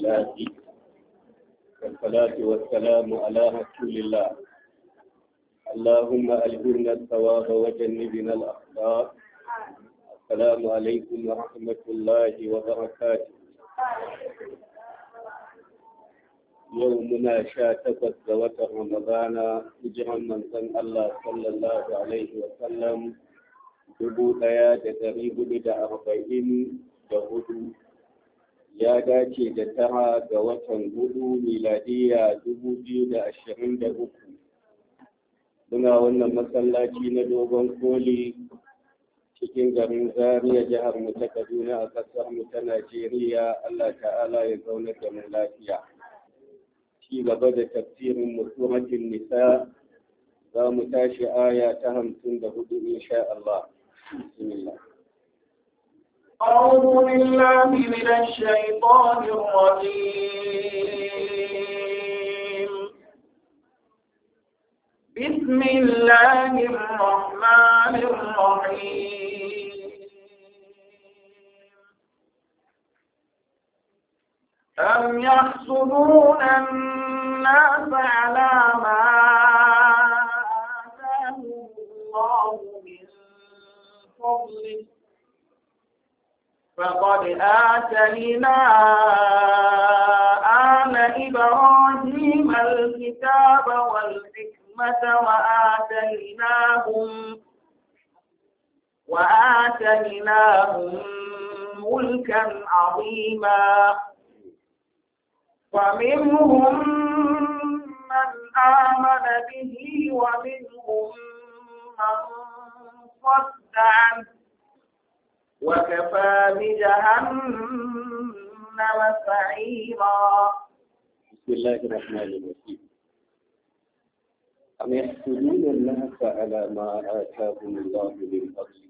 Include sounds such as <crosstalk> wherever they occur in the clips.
الله والصلاة والسلام على رسول الله اللهم ألهمنا الثواب وجنبنا الأخطاء السلام عليكم ورحمة الله وبركاته يومنا شاتفت ذوات رمضان هجرا من سن الله صلى الله عليه وسلم dubu ɗaya da ɗari hudu da arba'in da hudu ya dace da tara ga watan hudu miladiya dubu biyu da ashirin da uku muna wannan masallaci na dogon koli cikin garin zariya jihar mu ta kaduna a ƙasar mu ta najeriya allah ta'ala ya zaunar da mu lafiya ci gaba da tafsirin musuratin nisa za mu tashi aya ta hamsin da hudu insha allah أعوذ بالله من الشيطان الرجيم بسم الله الرحمن الرحيم أم يحسدون الناس على ما آتاهم الله من فضله فقد آتينا آل إبراهيم الكتاب والحكمة وآتيناهم وآتيناهم ملكا عظيما ومنهم من آمن به ومنهم من صد عنه وكفى بجهنم سعيرا بسم الله الرحمن الرحيم أم يحسدون الناس على ما آتاهم الله من فضله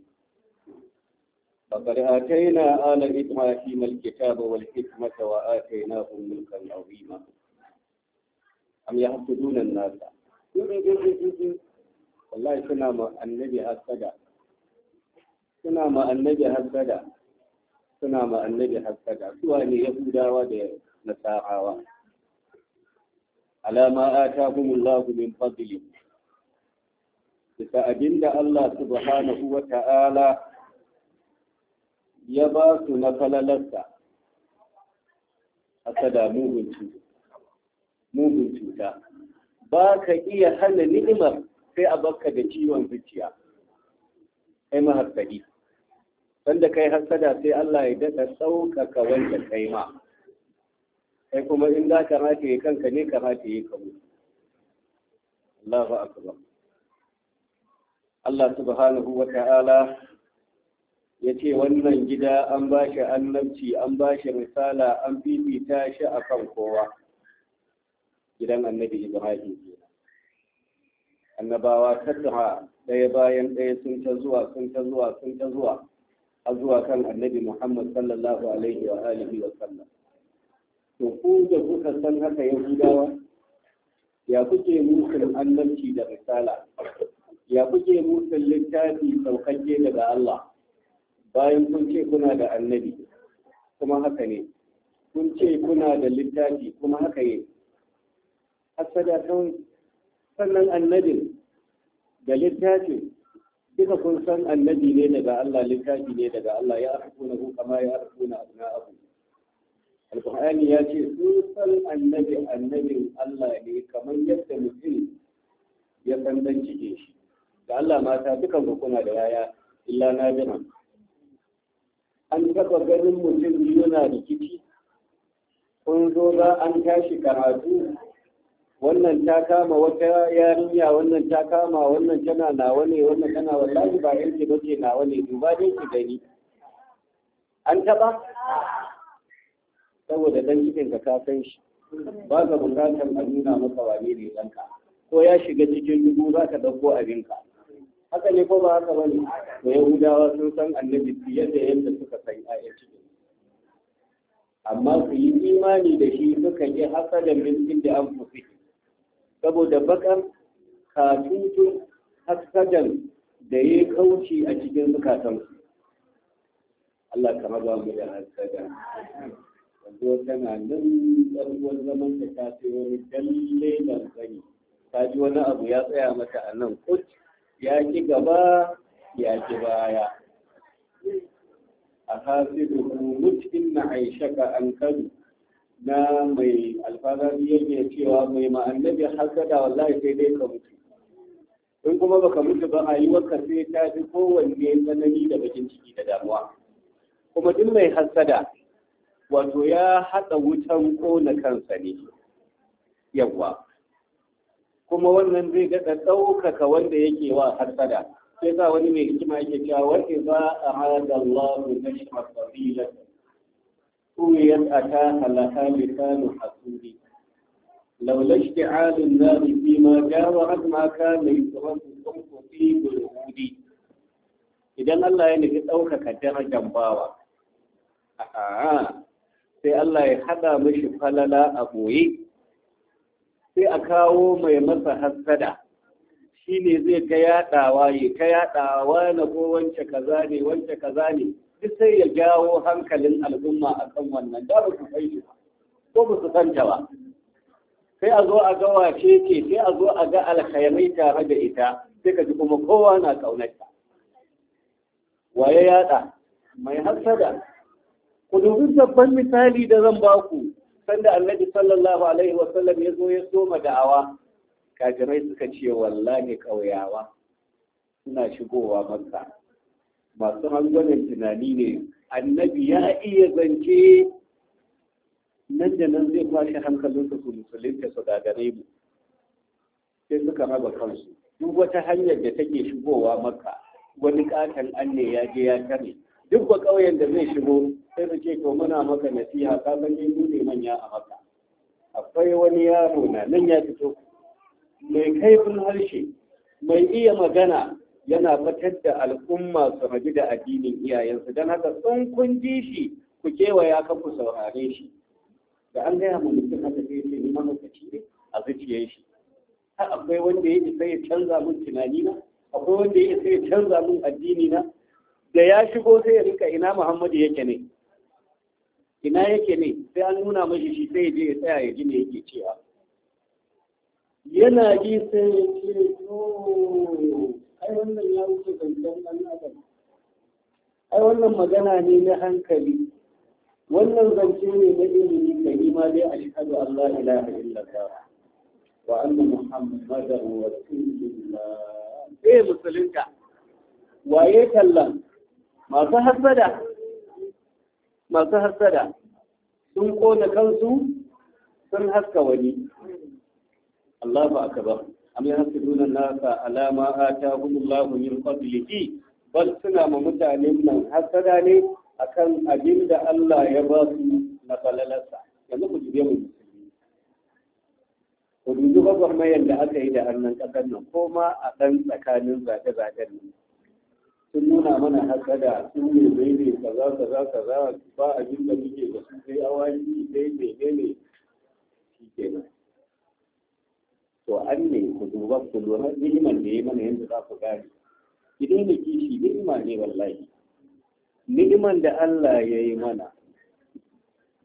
فقد آتينا آل إبراهيم الكتاب والحكمة وآتيناهم ملكا عظيما أم يحسدون الناس <laughs> والله سنا النبي حسد suna ma annabi hassada suna ma annabi hassada suwa ne yahudawa da nasarawa alama atahumullahu min fadli bisa abinda Allah subhanahu wa ta'ala ya ba su na falalarsa hasada mugun cuta ba ka iya hana ni'imar sai a baka da ciwon zuciya kai mahassadi sanda kai hasada sai Allah ya daɗa sauƙaƙa wanda kai ma kai kuma in za ka rataye kanka ne ka yi ka mutu Allahu akbar Allah subhanahu wa ta'ala ya ce wannan gida an ba shi annabci an ba shi risala an fifita shi akan kowa gidan annabi ibrahim annabawa tattara ɗaya bayan ɗaya sun ta zuwa sun ta zuwa sun ta zuwa A zuwa kan annabi Muhammad sallallahu alaihi wa alihi wa sallam to ku da kuka san haka yahudawa ya kuke musul annabci da risala ya kuke musul littafi saukakke daga Allah bayan kun ce kuna da annabi kuma haka ne kun ce kuna da littafi kuma haka ne hasada kawai sannan annabin da littafin kika kun san annabi ne daga Allah littafi ne daga Allah ya arfuna ku ma ya arfuna na abu alqur'ani ya ce sun san annabi annabin Allah ne kamar yadda mutum ya san dan cike shi da Allah mata dukan ku kuna da yaya illa na bina an taba ganin mutum yana rikici kun zo za an tashi karatu wannan ta kama wata yarinya wannan ta kama wannan tana nawa ne wannan tana wallahi ba yanki ba ce nawa ne duba dai ki gani an taba saboda dan cikin ka ka san shi ba ka bukatar a nuna maka wane ne ka ko ya shiga cikin dubu za ka dauko abinka haka ne ko ba haka bane to yahudawa sun san annabi fiye da yadda suka san ayyan cikin amma su yi imani da shi suka yi hasadan min da an fusi saboda baƙar katutun haskadan da ya kauce a cikin zukatansu Allah ka raba mu da hasada yanzu tana nan tsaruwar zaman da ta sai wani dalle ban ta ji wani abu ya tsaya mata a nan kut ya ki gaba ya ki baya a hasidu mutum na aishaka an kadu na mai alfazari yake cewa mai ma'annabi hasada wallahi sai dai ka mutu in kuma baka mutu ba a yi waka sai ta fi kowanne tsanani da bakin ciki da damuwa kuma duk mai hasada wato ya haɗa wutan kona kansa ne yawa kuma wannan zai daɗa ɗaukaka wanda yake wa hasada sai sa wani mai hikima yake cewa wani za a hada Allah na سويت أتاها لها لسان لو لولا اشتعال النار فيما جاورت ما كان يترك الصمت في بالهود idan Allah ya nufi ɗaukaka darajar bawa a'a sai Allah ya haɗa mashi falala a boye sai a kawo mai masa hassada shi ne zai ta yaɗawa ya ta yaɗawa na ko wance kaza ne wance kaza ne duk sai ya jawo hankalin al'umma a kan wannan da ba su san shi ko ba su kanta ba sai a zo a ga wace ke sai a zo a ga alkhairai tare da ita sai ka ji kuma kowa na kaunarta waye yada mai hasada ku dubi babban misali da zan ba ku sanda annabi sallallahu alaihi wa sallam ya zo ya soma da'awa kafirai suka ce wallahi kauyawa suna shigowa makka masu hangonin tunani ne annabi ya iya zance nan da nan zai kwashe hankalin su musulunta su gagare mu sai suka raba kansu duk wata hanyar da take shigowa maka wani katon anne ya je ya kare duk ba ƙauyen da zai shigo sai su ce to muna maka nasiha ka san ni manya a maka akwai wani yaro na nan ya fito mai kaifin harshe mai iya magana yana fitar da al'umma su rabu da addinin iyayensu don haka sun kun ji shi ku kewaya ka ku saurare shi da an gaya mun mutum haka sai ce ni mahaukaci ne a zuciyar shi har akwai wanda ya isa ya canza mun tunani na akwai wanda ya isa ya canza mun addini na da ya shigo sai ya rika ina muhammadu yake ne ina yake ne sai an nuna mashi shi sai ya je ya tsaya ya ji me yake cewa yana ji sai ya ce oh. ai wannan ya wuce zancen ɗan ai wannan magana ne na hankali wannan zance ne na ilimi da nima dai a shahadu Allah ilaha illallah wa anna muhammadan rasulullah eh musulunta waye tallan masu hasada masu hasada sun kona kansu sun haska wani Allah ba aka ba am yahsuduna nasa ala ma atahum Allah min fadlihi bal suna ma mutanen nan hasada ne akan abin da Allah ya ba su na falalarsa yanzu ku jibe mu ku dubi gwagwarmayar da aka yi da annan ƙasar nan ko ma a ɗan tsakanin zaɓe-zaɓen nan sun nuna mana hasada sun ne zai kaza kaza kaza ba abin da muke da su sai awaki sai ne ne shi kenan to an ne ku duba ku lura ni'imar da ya mana yanzu za ku gane ki daina kishi ni'ima ne wallahi ni'imar da Allah ya yi mana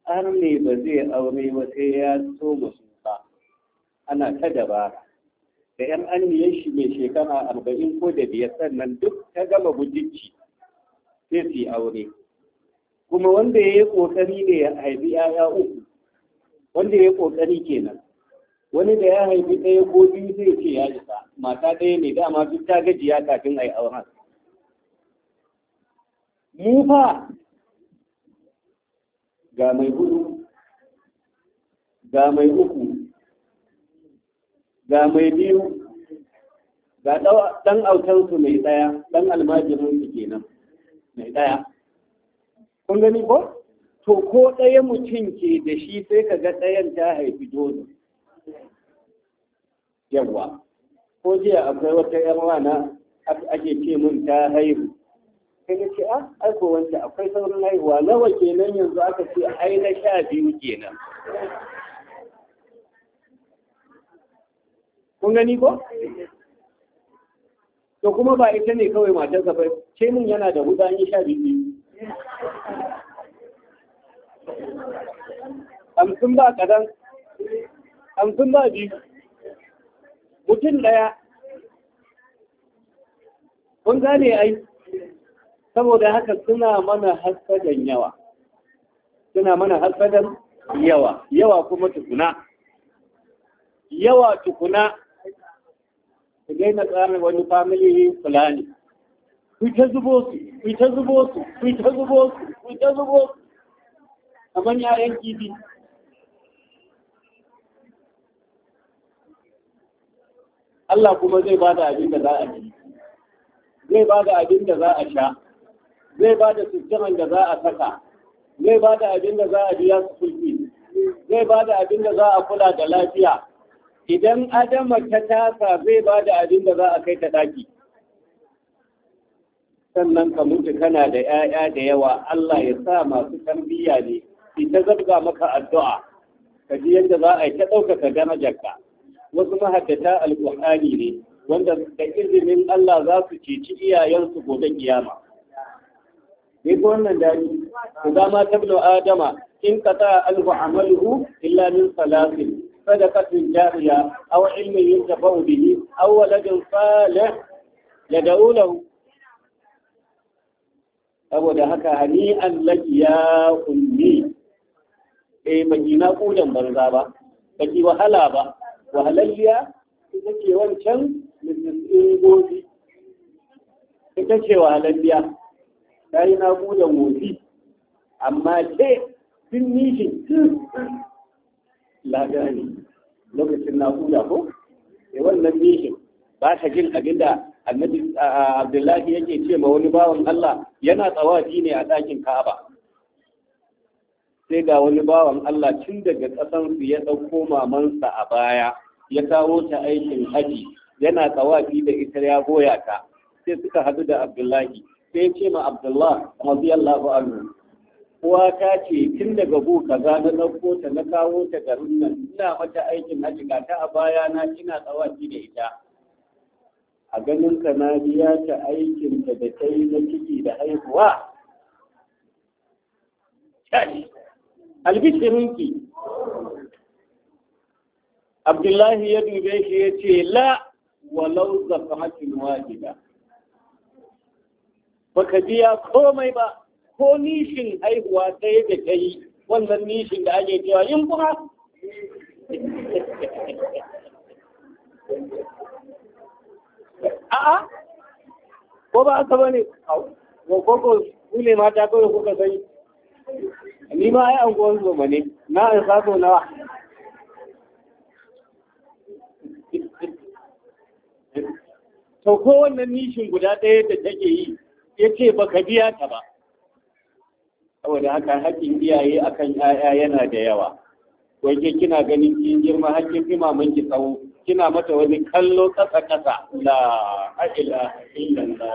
an ne ba zai aure ba sai ya so musu ba ana ta ba. da yan anniyar shi mai shekara arba'in ko da biyar sannan duk ta gama bujici sai su aure kuma wanda ya yi ƙoƙari ne ya haifi ‘ya'ya uku wanda ya yi ƙoƙari kenan wani da ya haifi ɗaya ko biyu zai ce ya isa mata ɗaya ne dama duk ta gajiya kafin a yi auren mu fa ga mai hudu ga mai uku ga mai biyu ga ɗan autansu mai ɗaya ɗan almajirinsu kenan mai ɗaya kun gani ko to ko ɗaya mutum ke da shi sai ka ga ɗayan ta haifi dole yawwa ko jiya akwai wata yan rana ake ce mun ta haihu sai na ce a ah, aiko wancan akwai saurin haihuwa nawa kenan yanzu aka ce ai na sha biyu kenan kun gani ko to kuma ba ita ne kawai ka bai ce mun yana da hudu an yi sha biyu amsun ba kadan amsun ba biyu mutum ɗaya kun gane ai saboda haka suna mana hasadan yawa suna mana hasadan yawa yawa kuma tukuna yawa tukuna su daina tsarin wani family ne. ku ta zubo su ku ta zubo su ku ta zubo su ku ta zubo su kamar 'ya'yan kifi Allah kuma zai ba da abin da za a ci zai ba da abin da za a sha zai ba da sistiman da za a saka zai ba da abin da za a biya su sulki, zai ba da abin da za a kula da lafiya idan adama ta tasa zai ba da abin da za a kai ta daki sannan ka mutu kana da 'ya'ya da yawa Allah ya sa masu tarbiyya ne ita zabga maka addu'a ka ji yadda za a yi ta ɗaukaka darajarka wasu mahaddata alƙur'ani ne wanda da izinin Allah za su ceci iyayensu gobe kiyama dai ko wannan dani ku dama tablo adama in ka qata alhu amaluhu illa min salatin sadaqatin jariya aw ilmin yuntafa'u bihi aw waladin salih yad'u lahu saboda haka hani'an laki ya ummi eh baki na kudan banza ba baki wahala ba wahalalliya ita ce wancan lissafin gobi ita ce wahalalliya ta yi naƙudan motsi amma ke sun nishin lagani lokacin naƙuda ko E wannan nishin ba ta jin abin da annabi abdullahi yake ce ma wani bawan Allah yana tsawaci ne a ɗakin Ka'aba sai ga wani bawan Allah tun daga ƙasansu ya ɗauko mamansa a baya ya kawo ta aikin haji yana tsawafi da ita ya goya ta sai suka hadu da abdullahi sai ce ma abdullah radiyallahu anhu uwa ta ce tun daga bu kaza na ɗauko ta na kawo ta garin nan ina mata aikin haji ga ta a baya na ina tsawafi da ita a ganin ka na biya ta aikin ta da ta yi na ciki da haihuwa albishirinki abdullahi ya dube shi ya ce la walau zafahatin wajida ka biya komai ba ko nishin haihuwa ɗaya da ta yi wannan nishin da ake cewa in kuma a'a ko ba aka ba ko ko su ne mata kawai kuka sani ni ma ya an gowar zoma ne na an sato nawa sau ko wannan nishin guda ɗaya da take yi ya ce ba ka biya ta ba saboda haka haƙƙin iyaye akan 'ya'ya yana da yawa wai ke kina ganin kin girma haƙƙin fi maman ki tsawo kina mata wani kallo ƙasa ƙasa la illan la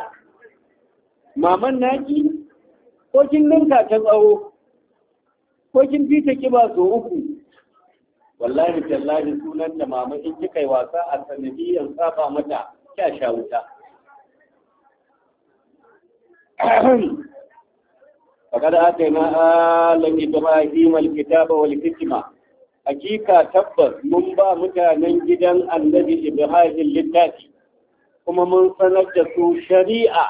maman naki ko kin ninka ta tsawo ko kin fi ta kiba so uku wallahi tallahi sunan da mama in kika yi wasa a sanadiyar saba mata ya sha wuta فقد آتينا آل إبراهيم الكتاب hakika tabbas mun ba mutanen gidan annabi ibrahim littafi kuma mun sanar da su shari'a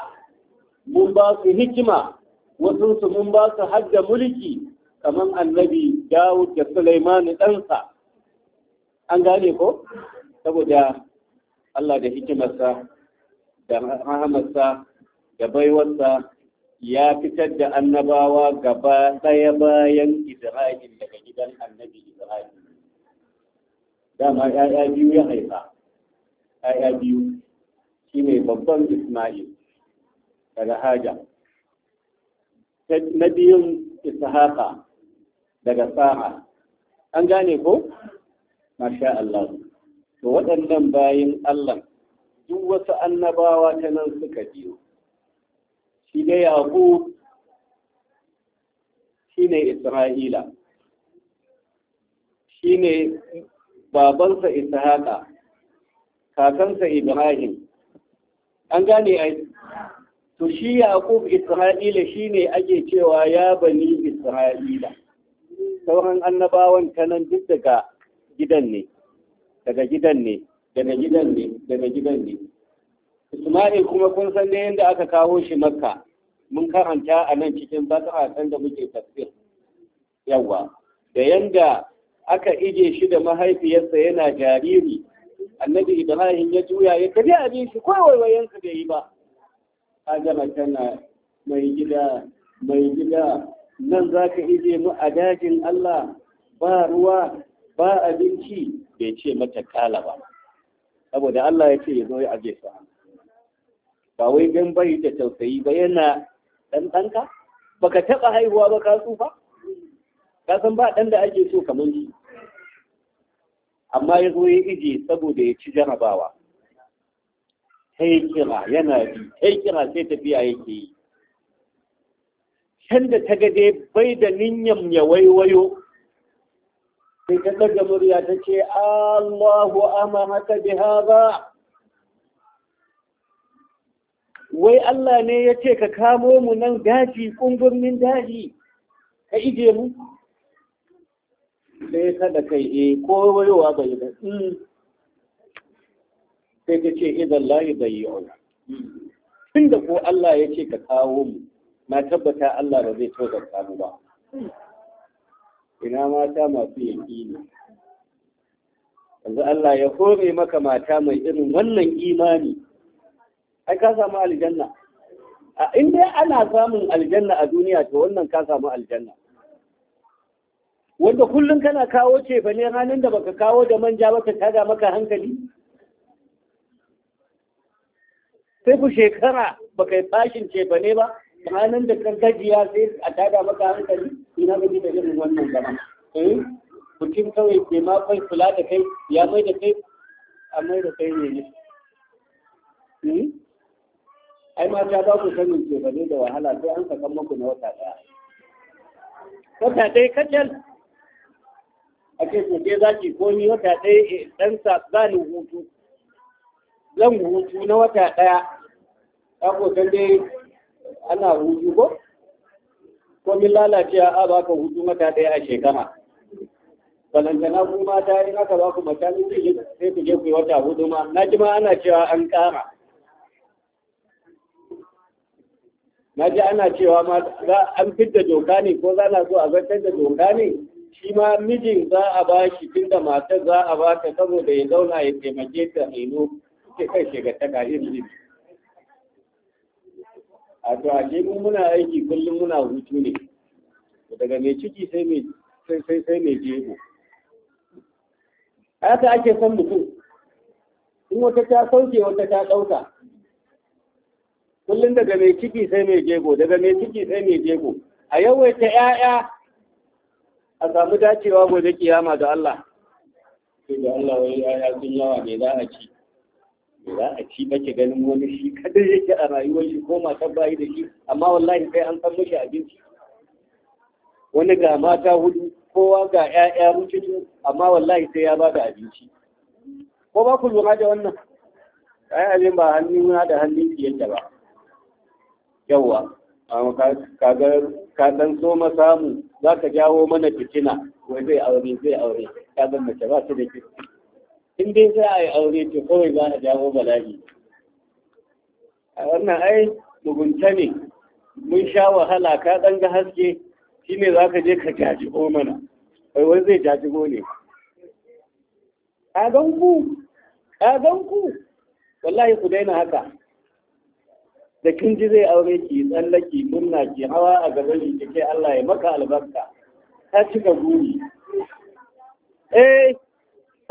mun ba su hikima wasu su mun ba su hadda mulki kamar annabi dawud da sulaiman ɗansa an gane ko saboda Allah da hikimarsa da rahamarsa da baiwarsa ya fitar da annabawa gaba ɗaya bayan Isra'il daga gidan annabi Isra'il. Dama ‘ya'ya biyu ya haifa, ‘ya'ya biyu shi ne babban Ismail daga Haja. Na biyun Ishaqa daga Sa'a, an gane ko? Masha Allah. to waɗannan bayin Allah duk wasu annabawa ta nan suka biyo shi ne yaƙo shi ne isra'ila shi ne babansa Isra'ila, kakansa ibrahim an gane a to shi yaƙub isra'ila shi ne ake cewa ya bani isra'ila sauran annabawan ta nan duk daga gidan ne daga gidan ne daga gidan ne daga gidan ne Isma'il kuma kun san ne yadda aka kawo shi makka mun karanta a nan cikin baka san da muke tafsir yawa da yanda aka ije shi da mahaifiyarsa yana jariri annabi ibrahim ya juya ya tafi abin shi kawai wayansa bai yi ba adama tana mai gida mai gida nan zaka ije mu a dajin allah ba ruwa ba abinci bai ce mata kala ba saboda Allah ya ce ya zo ya aje su ba wai gan bari da tausayi ba yana dan danka baka taba haihuwa ba ka tsufa ka san ba dan da ake so kamar shi amma ya zo ya ije saboda ya ci jarabawa sai kira yana bi sai kira sai tafiya yake yi can da ta gade bai da niyyar ya waiwayo sai ta daga murya ta ce Allahu haka bi hadha wai Allah ne ya ce ka kamo mu nan daji kungurmin daji ka ije mu sai kada kai eh ko wayowa bai da sai ta ce idan layi bai yi tun da ko Allah ya ce ka kawo mu na tabbata Allah ba zai tozarta mu ba ina mata masu ne. yanzu Allah ya kore maka mata mai irin wannan imani ai ka samu aljanna a inda ana samun aljanna a duniya to wannan ka samu aljanna wanda kullum kana kawo ce fa ne ranar da baka kawo da manja baka tada maka hankali sai ku shekara baka yi fashin ce ba ne ba ranar da ka gajiya sai a tada maka hankali ina gaji da irin wannan gama eh mutum kawai ke ma kai kula da kai ya mai da kai a mai da kai ne ne hmm? ai ma ta ba ku sanin ke bane da wahala sai an saka muku na wata daya wata dai kacal a ce ku je za ki komi wata dai dan eh, sa zani hutu zan hutu na wata daya ka ko san dai ana hutu ko komin lalacewa a ba ka hutu mata ɗaya a shekara balantana ku mata in aka ba ku mata sai ku je ku yi wata hudu ma na ji ma ana cewa an ƙara na ji ana cewa ma za an fidda doka ne ko za na so a zartar da doka ne shi ma mijin za a ba shi tun da matar za a ba ta saboda ya zauna ya taimake ta haino ke kai shiga ta kare mijin a to a mun muna aiki kullum muna hutu ne daga mai ciki sai mai sai sai sai mai jego haka ake son mutum in wata ta sauke wata ta ɗauka kullum daga mai ciki sai mai jego daga mai ciki sai mai jego a yawaita 'ya'ya a samu dacewa gobe kiyama da Allah sai da Allah wai 'ya'ya sun yawa ne za a ci za a ci bace ganin wani shi kadai yake a rayuwar shi ko mata bayi da shi amma wallahi sai an san mashi abinci wani ga mata hudu kowa ga 'ya'ya mututu amma wallahi sai ya bada abinci ko ba ku lura da wannan ai abin ba na da hannun yadda ba yawwa ka ka dan so ma samu za ka jawo mana fitina wai zai aure zai aure ka zan mace ba su da fitina in dai za a yi aure to kawai za a jawo bala'i a wannan ai mugunta ne mun sha wahala ka ɗan ga haske shine za ka je ka jajibo mana bai wani zai jajibo ne ƙaganku ƙaganku wallahi ku daina haka da kin ji zai aure ki tsallaki murna ki hawa a gaban shi, kai Allah ya maka albarka ta cika guri eh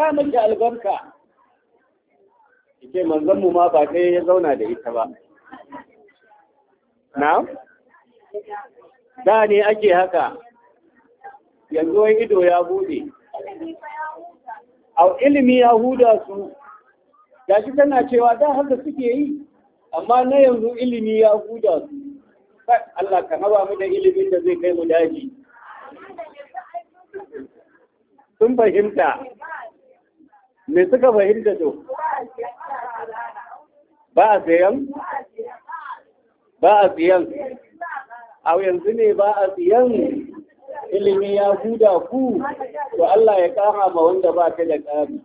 ta miki albarka ce manzon mu ma ba kai ya zauna da ita ba na da ne ake haka yanzu wai ido ya bude au ilimi ya huda su gashi tana cewa da haka suke yi amma na yanzu ilimi ya huda su Allah ka haba mu da ilimin da zai kai mu daji sun fahimta Me suka fahimta to? Ba a siyan? Ba a siyan. A yanzu ne ba a siyan ilimi ya huda ku, to Allah ya kama ma wanda ba ta da ƙari.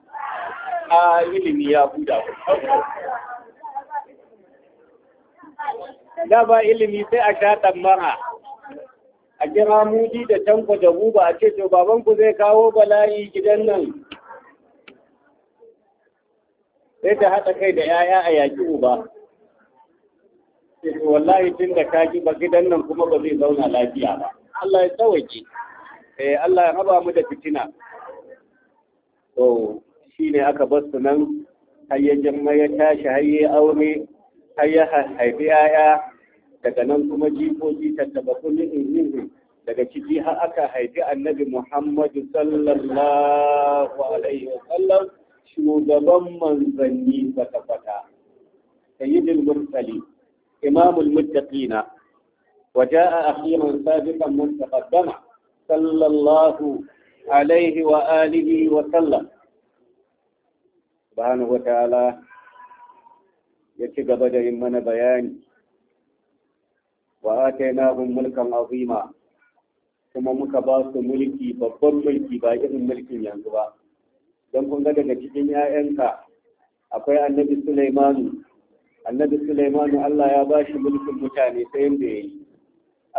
A ilimi ya huda ku. Da ba ilimi sai a sha mara. A kira mudi da tanko da buba a ce, to babanku zai kawo bala'i gidan nan. sai ta haɗa kai da 'ya'ya a yaƙi uba wallahi tun da ka ba gidan nan kuma ba zai zauna lafiya ba Allah ya tsawaki. eh Allah ya haba mu da fitina to shine aka bar su nan har ya jamma ya tashi har aure har ya haifi yaya daga nan kuma jikoki tattaba kullum injin daga ciki har aka haifi annabi Muhammadu sallallahu alaihi wasallam shugaban manzanni kwata-kwata sayyidul mursali imamul muttaqina wa jaa akhiran sabiqan mutaqaddama sallallahu alaihi wa alihi wa sallam subhanahu wa ta'ala ya ci gaba da yin mana bayani wa atainahum mulkan azima kuma muka ba su mulki babban mulki ba irin mulkin yanzu ba don kun ga daga cikin 'ya'yanka akwai annabi Sulaimanu annabi Sulaimanu Allah ya ba shi mulkin mutane ta yadda ya yi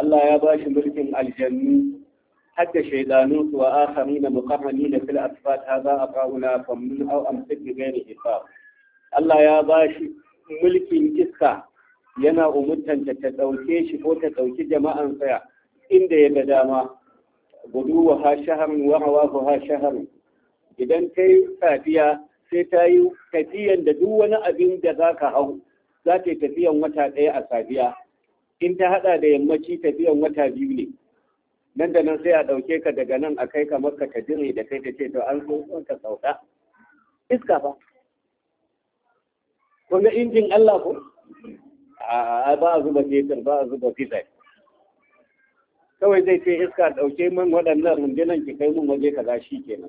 Allah ya ba shi mulkin aljannu hadda shaidanu wa akhari na muqarrani da fil asfat hadha aqauna famun aw amsik bi ghairi hisab Allah ya ba shi mulkin iska yana umurtanta ta ɗauke shi ko ta ɗauki jama'an tsaya inda ya ga dama guduwa ha shaharin wa rawahu ha shaharin idan ta yi safiya sai ta yi tafiyan da duk wani abin da za ka hau za ta yi tafiyan wata ɗaya a safiya in ta haɗa da yammaci tafiyan wata biyu ne nan da nan sai a ɗauke ka daga nan a kai ka maka ta jire da kai ta ce to an so ka sauka iska ba kuma injin Allah ko a ba a zuba fetur ba a zuba fetur kawai zai ce iska ɗauke min waɗannan rundunan ki kai mun waje kaza shi kenan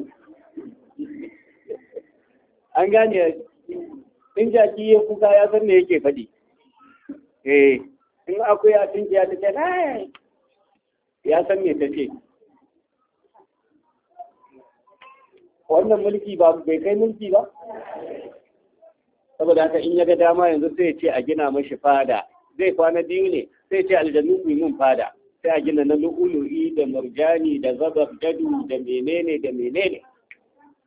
an gane in jaki ya kuka ya san me yake faɗi eh in akwai ya tunki ya tace na ya san me tace wannan mulki ba bai kai mulki ba saboda haka in ya ga dama yanzu sai ya ce a gina mashi fada zai kwana biyu ne sai ce aljannu ku mun fada sai a gina na lu'ulu'i da murjani da zabar gadu da menene da menene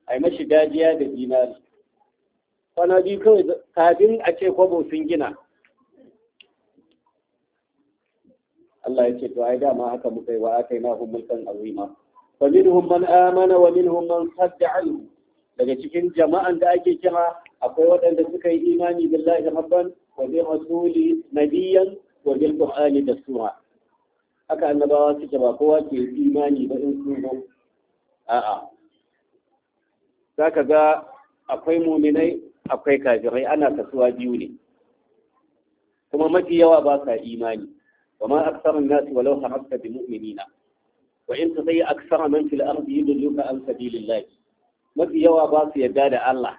a mashi dajiya da dinari kwana biyu kawai kafin a ce kwabo sun gina Allah ya ce to ai dama haka muka yi wa aka yi na mulkan azima fa minhum man amana wa min minhum man sadda anhu daga cikin jama'an da ake kira akwai waɗanda suka yi imani billahi rabban wa bi rasuli nabiyan wa bil qur'ani da sura. haka annabawa suke ba kowa ke imani ba in sun zo a'a Za ka ga akwai muminai akwai kafirai ana kasuwa biyu ne kuma mafi yawa ba sa imani wa ma aksarun nasu walau harasta bi mu'minina wa in tusayi aksara man fil ardi yudilluka an sabilillah mafi yawa ba su yarda da Allah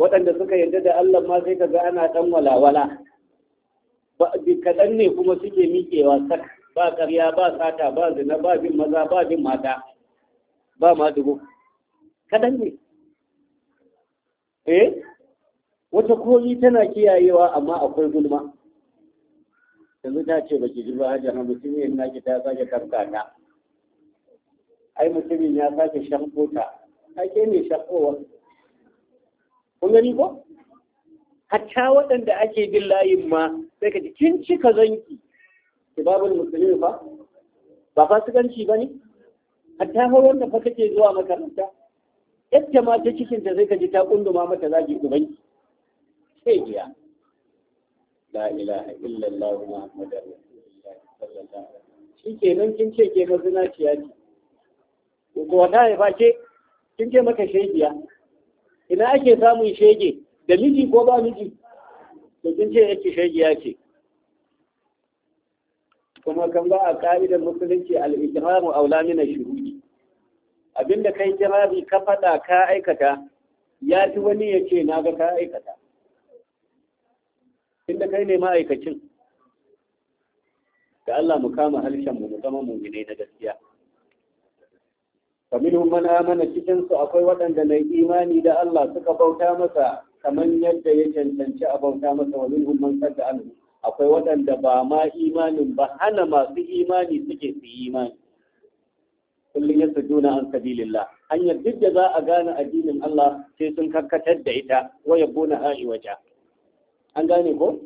waɗanda suka yarda da Allah ma sai kaga ana dan walawala ba kaɗan ne kuma suke miƙewa sak ba ƙarya ba sata ba zina ba bin maza ba bin mata ba ma dubu kaɗan ne eh wata komi tana kiyayewa amma akwai gulma yanzu ta ce baki ji ba hajji na mutumin naki ta sake karkata ai mutumin ya sake ta ake ne shakowa kun gani ko hatta waɗanda ake bin layin ma sai ka ji kin cika zanki ki babu musulmi fa ba fasikanci ba ne hatta har wanda fa kake zuwa makaranta yadda ma ta cikinta ta sai ka ji ta kunduma mata zagi ubanki sai biya la ilaha illallah muhammadar rasulullah sallallahu alaihi wasallam shi kenan kin ce ke mazinaciya ce ko wata ya bace kin ce maka shegiya ina ake samun shege da miji ko ba miji to kin ce yake shegiya ce kuma kan ba a ka'idar musulunci al-ijramu aula min ash-shuhudi abinda kai kirabi ka fada ka aikata ya fi wani ya ce na ga ka aikata inda kai ne ma'aikacin da Allah mu kama harshen mu zama mu'minai na gaskiya famin man amana cikin su akwai waɗanda mai imani da Allah suka bauta masa kamar yadda ya cancanci a bauta masa wa minhum man sadda Allah. akwai waɗanda ba ma imanin ba hana masu imani suke su yi imani kullum ya sujuna an sabilillah hanyar duk da za a gane addinin Allah sai sun karkatar da ita wa yabuna ha'i waja an gane ko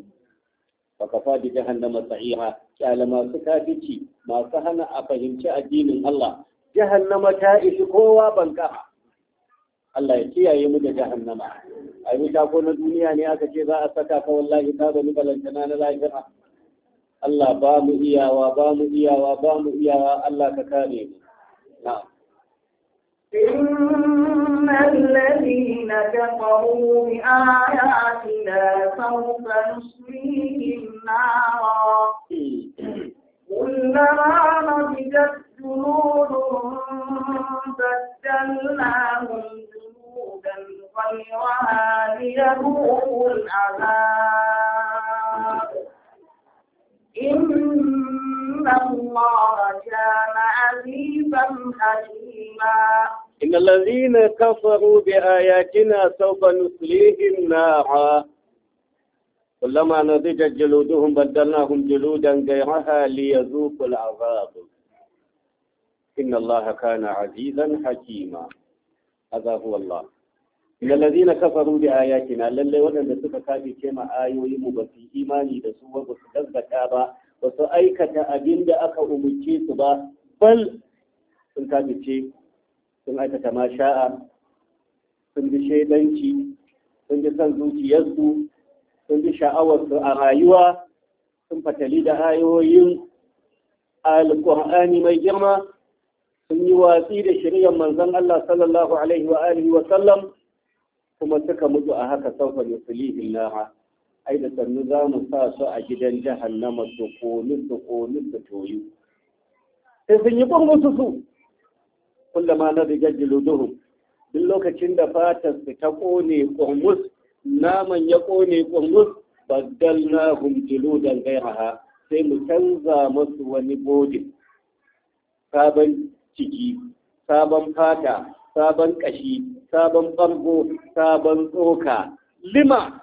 fakafa bi jahannama sahiha. kyala masu kafici masu hana a fahimci addinin Allah jahannama ta isi kowa banka Allah ya kiyaye mu da jahannama a yi ko na duniya ne aka ce za a saka ka wallahi ka bani balantana na lahira Allah ba mu iyawa ba mu iyawa ba mu iyawa Allah ka kare mu na'am أما الذين كفروا بآياتنا سوف نصليهم نارا كلما نضجت جنودهم بدلناهم جنودا غيرها ليذوقوا العذاب إن الله كان عزيزا حكيما إن الذين كفروا بآياتنا سوف نصليهم نارا كلما نضجت جلودهم بدلناهم جلودا غيرها ليذوقوا العذاب إن الله كان عزيزا حكيما هذا هو الله إن الذين كفروا بآياتنا للي ولن تسكى كافي كما آيوهم وفي إيماني دسوا وسكذب كابا وسأيكة أبين بأكا أمجيس بل سنكافي sun aikata ma sha'a sun bi shaidanci sun bi son zuciyarsu sun bi sha'awarsu a rayuwa sun fatali da ayoyin ƙurani mai girma sun yi watsi da shirya manzon Allah sallallahu alaihi wa alihi wa sallam kuma suka mutu a haka sauka yusulihi lara ai da sannu za mu sa su a gidan jahannama su koni su koni su toyu sai sun yi ƙungusu su kullama na rigar jiluduhun duk lokacin da fatar su ta kone ƙurmus naman ya kone ƙurmus baddal na humjilu da gairaha sai mu canza masu wani bodin sabon ciki sabon fata sabon ƙashi sabon ɓargo sabon tsoka lima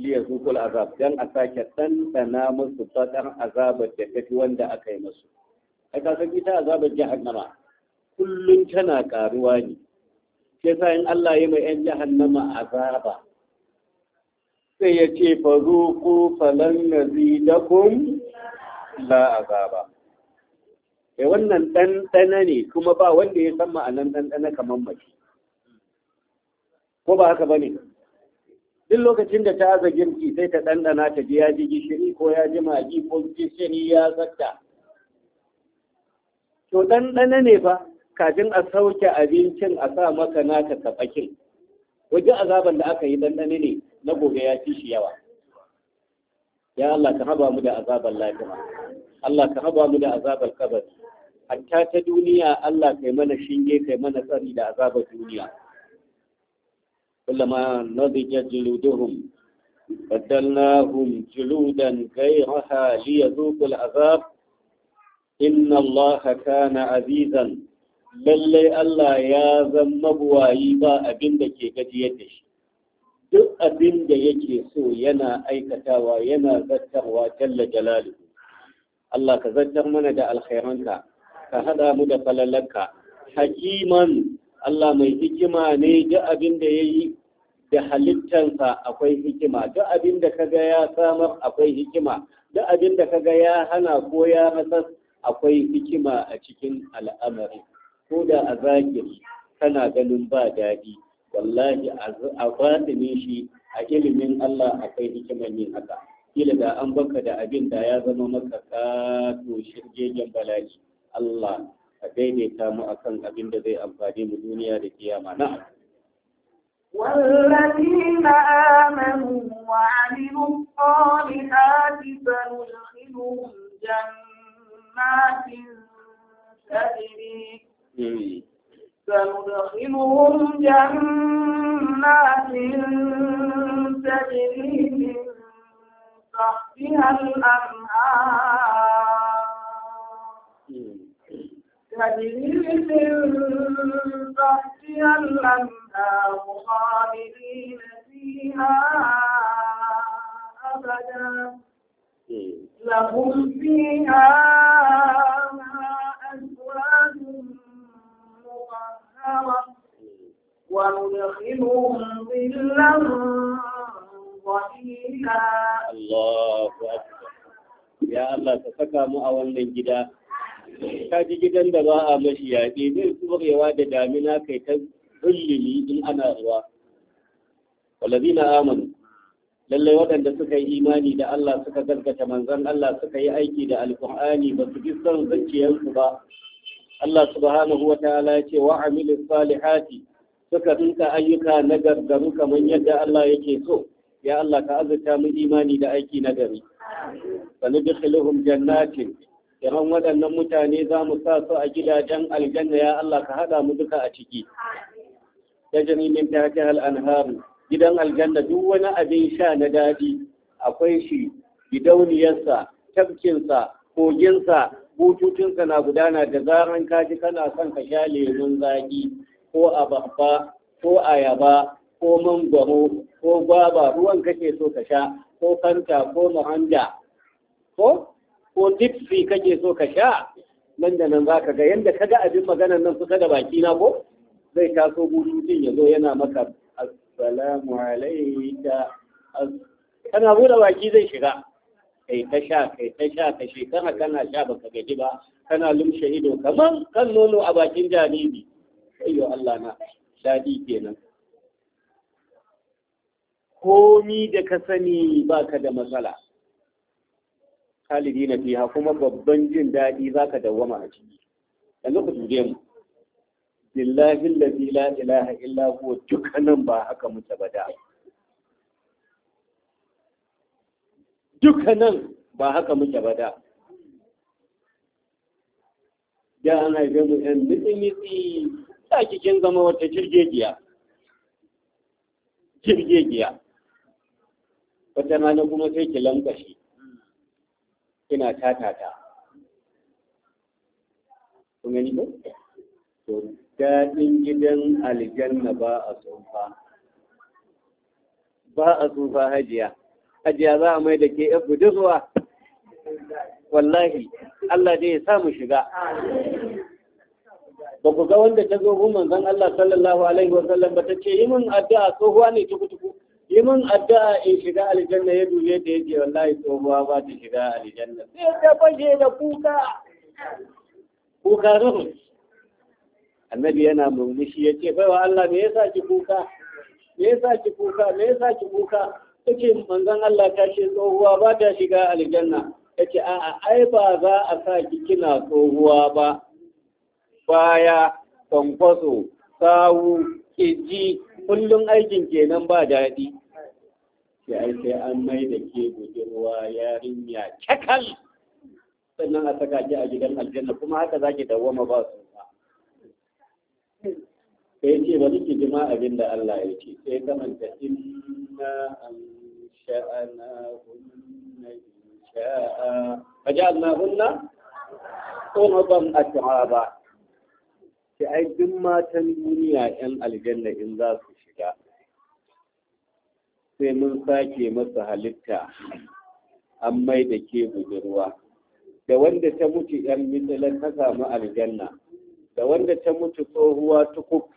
liya zukul azab don a sake ɗanɗana musu fadar azabar da tafi wanda aka yi masu. aka ka ita azabar jihar nama. kullum tana karuwa ne sai sa in Allah ya mai 'yan jahannama azaba sai ya ce fazuku falan kun? la azaba ya eh, wannan ɗanɗana ne kuma ba wanda ya san ma'anan ɗanɗana kamar mace ko ba haka ba ne? duk lokacin da ta aza girki sai ta ɗanɗana ta ji ya ji gishiri ko ya ji magi ko gishiri ya zakta to ɗanɗana ne fa kafin a sauke abincin a sa maka naka kafakin wajen azaban da aka yi dandane ne na gobe ya ci shi yawa ya Allah ka haba mu da azabar lafiya Allah ka haba mu da azabar kabar hatta ta duniya Allah kai mana shinge kai mana tsari da azabar duniya kullama nadija juluduhum بدلناهم جلودا غيرها ليذوقوا العذاب إن الله كان azizan. lallai Allah ya zan mabuwayi ba abin da ke gajiyar da shi duk abin da yake so yana aikatawa yana zartarwa jalla jalali Allah ka zartar mana da alkhairanka ka hada mu da falalanka hakiman Allah mai hikima ne duk abin da yayi da halittansa akwai hikima duk abin da kaga ya samar akwai hikima duk abin da kaga ya hana ko ya rasar akwai hikima a cikin al'amari ko da a zagin kana ganin ba daɗi wallahi a batinin shi a ilimin Allah akwai hikimar yin haka kila da an baka da abin da ya zama maka kato shirgegen bala'i Allah a daidaita mu akan abin da zai amfani mu duniya da kiyama na'am والذين آمنوا وعملوا الصالحات سندخلهم جنات تجري سندخلهم جنات تجري من تحتها الأنهار تجري من تحتها الأنهار خالدين فيها أبدا لهم فيها Ya ظلا ظليلا saka mu a wannan gida. مؤولا ji gidan da ba a mashi yaƙi zai tsurewa da damina kai ta rullumi in ana ruwa na amanu lallai waɗanda suka yi imani da Allah suka gaskata manzan Allah suka yi aiki da alƙur'ani ba su ji son zuciyarsu ba Allah subhanahu wa ta'ala ya ce wa amilu salihati suka tunta ayyuka na gargaru kamar yadda Allah yake so ya Allah ka azurta mu imani da aiki na gari sanudkhiluhum jannatin irin waɗannan mutane za mu sa su a gidajen aljanna ya Allah ka haɗa mu duka a ciki tajri min tahtiha al gidan aljanna duk wani abin sha na daɗi akwai shi gidauniyarsa tafkinsa koginsa bututunka na gudana da zaran kaji kana son ka sha lemun zaki ko abarba ko ayaba ko mangwaro ko gwaba ruwan kake so ka sha ko kanta ko muhanda ko ko dipsi kake so ka sha nan da nan zaka ga yanda kaga abin maganan nan kusa da baki na ko zai taso bututun ya zo yana maka assalamu kana bude baki zai shiga kai ta sha kai ta sha ka shekara kana sha baka gaji ba kana lumshe ido kamar kan nono a bakin jariri ayyo Allah na daɗi kenan komi da ka sani baka da matsala khalidi na fiha kuma babban jin daɗi zaka dawwama a ciki yanzu ku dube mu billahi allazi la ilaha illa huwa dukkanin ba haka mu ba da dukkanin ba haka muke ba da da ana gano yan nitsi-nitsi ta kikin zama wata jirgegiya jirgegiya wata rana kuma sai ki lankashi Kina tatata kun gani ba? to daɗin gidan aljanna ba a tsufa ba a tsufa hajiya ajiya za a mai da ke yan budurwa wallahi Allah zai ya samu shiga ba ku ga wanda ta zo kuma zan Allah sallallahu alaihi wa sallam ba ta ce yi min addu'a tsohuwa ne tukutuku yi min addu'a in shiga aljanna ya dube ta yace wallahi tsohuwa ba ta shiga aljanna sai ta fashe da kuka kuka ruhu annabi yana murmushi yace baiwa Allah me yasa ki kuka me yasa ki kuka me yasa ki kuka ta ce Allah ta ce tsohuwa ba ta shiga aljanna ta ce a'a ai ba za a sa ki kina tsohuwa ba baya kwankwaso sawu kiji kullum aikin kenan ba daɗi sai ai sai an mai da ke budurwa yarinya cakal sannan a saka ki a gidan aljanna kuma haka zaki dawwama ba su sai ce ba duk jima abin da Allah ya ce sai ka manta inna an sha'ana hunna sha'a fajalna hunna qurban ba. ki ai duk matan duniya yan aljanna in za su shiga sai mun sake masa halitta an mai da ke budurwa da wanda ta mutu yan mitsalan ta samu aljanna da wanda ta mutu tsohuwa tukuk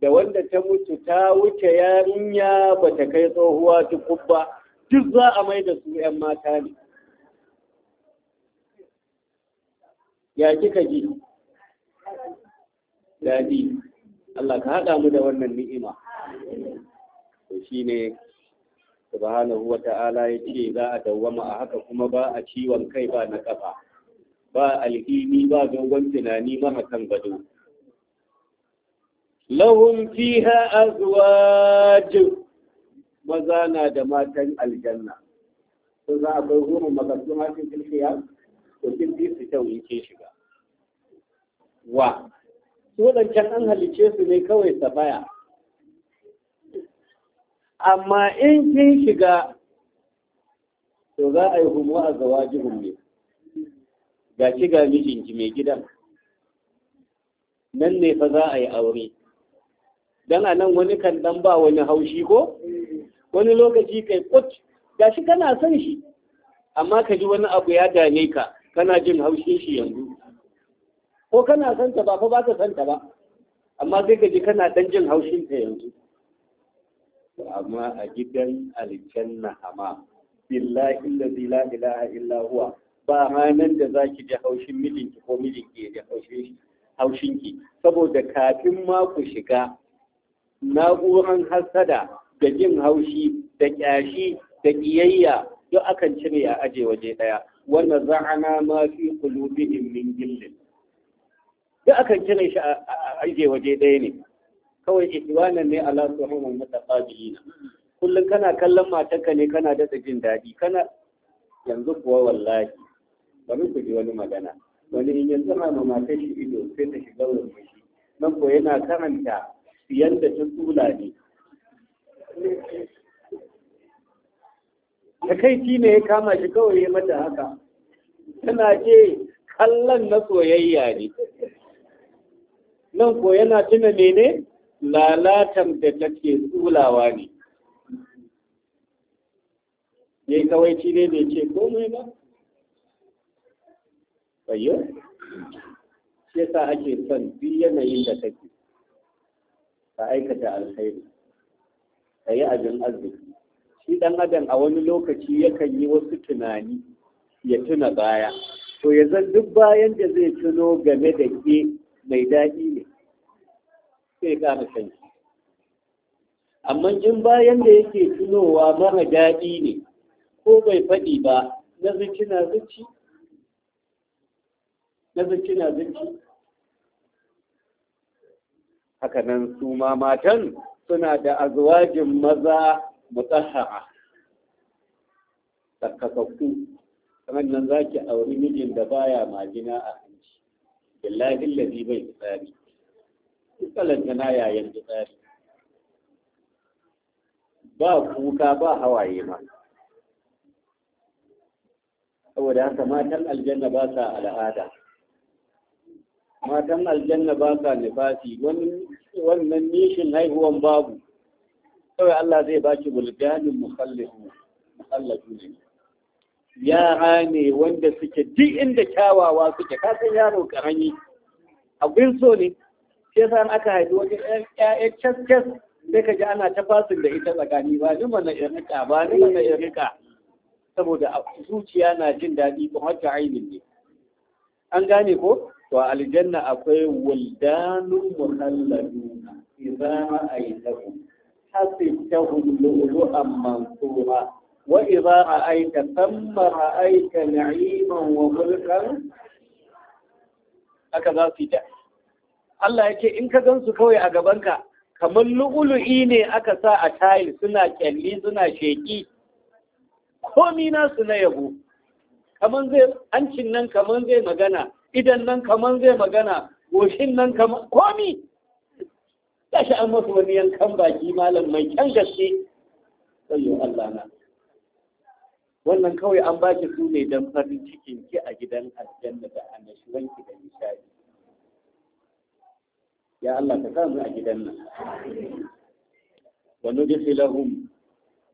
da wanda ta mutu ta wuce yarinya ba ta kai tsohuwa ta kubba, duk za a mai da su 'yan mata ne ya kika ji daɗi Allah ka haɗa mu da wannan ni'ima to shine subhanahu wa ta'ala ya ce za a dawwama a haka kuma ba a ciwon kai ba na ƙafa ba alhini ba dogon tunani mara kan gado lahum fiha azwaj maza na da matan aljanna ko za a bai goma magasu matan kilfiya to kin bi su tauri ke shiga wa su wadancan an halice su ne kawai baya. amma in kin shiga to za a yi humu a zawajihun ne ga shi ga mijinki mai gidan nan ne fa za a yi aure don a nan wani kan dan ba wani haushi ko wani lokaci kai kut gashi kana son shi amma ka ji wani abu ya dame ka kana jin haushin shi yanzu ko kana son ta ba fa ba ka son ta ba amma sai ka ji kana dan jin haushin ta yanzu amma a gidan aljanna amma billahi allazi la ilaha illa huwa ba nan da zaki ji haushin mijinki ko mijinki ya ji haushin haushinki saboda kafin ma ku shiga na'uran hasada da jin haushi da ƙyashi da ƙiyayya duk akan cire a aje waje ɗaya a na mafi kulubi in min gillin duk akan cire shi a aje waje ɗaya ne kawai ikiwanan ne ala suhumin na kullum kana kallon matarka ne kana da jin daɗi kana yanzu kuwa wallahi bari ku ji wani magana wani in yanzu ma matar shi ido sai ta shiga wurin mashi nan ko yana karanta siyan da ta tsula ne takaici ne ya kama shi kawai ya mata haka tana ce kallon na soyayya ne nan ko yana tuna ne? ne? lalatan da take tsulawa ne ya yi ci ne ne ce komai ba bayo shi yasa ake son duk yanayin da take ka aikata alkhairi ka yi abin arziki shi ɗan adam a wani lokaci yakan yi wasu tunani ya tuna baya to ya zan duk bayan da zai tuno game da ke mai daɗi ne sai ƙara shan amma in bayan da yake tunowa mara daɗi ne ko bai faɗi ba na zuci na zuci na zuci na zuci haka nan su ma matan suna da azwajin maza mutahara tsakakakku kamar nan za ki auri mijin da baya majina a hanci billahi lazi bai fitsari tsalan gana yayin fitsari ba kuka ba hawaye ma saboda haka matan aljanna ba sa al'ada matan aljanna ba ka nifasi wannan nishin haihuwan babu kawai Allah zai baki bulganin musallihu ne yara ne wanda suke di inda kyawawa suke ka yaro karami abin so ne sai san aka haifi wani ƴaƴa cas sai ka ji ana ta fasin da ita tsakani ba ni mana irika ba ni mana irika saboda zuciya na jin daɗi kuma ta ainihin ne an gane ko to a aljanna akwai waldanun muhalladuna aitahu hasibtahu hasibtahum lu'lu'an mansura wa idza aita thamma aita na'iman wa mulkan aka za su ta Allah yake in ka gansu kawai a gabanka kamar lu'ulu'i ne aka sa a tayil suna kyalli suna sheki komi nasu na yabo kaman zai hancin nan kaman zai magana idan nan kaman zai magana goshin nan kaman komi tashi an masa wani yankan baki malam mai kyan gaske tsayo Allah na wannan kawai an baki su ne don farin cikin ki a gidan aljanna da annashuwanki da nishadi ya Allah ka sa mu a gidan nan wa nudkhiluhum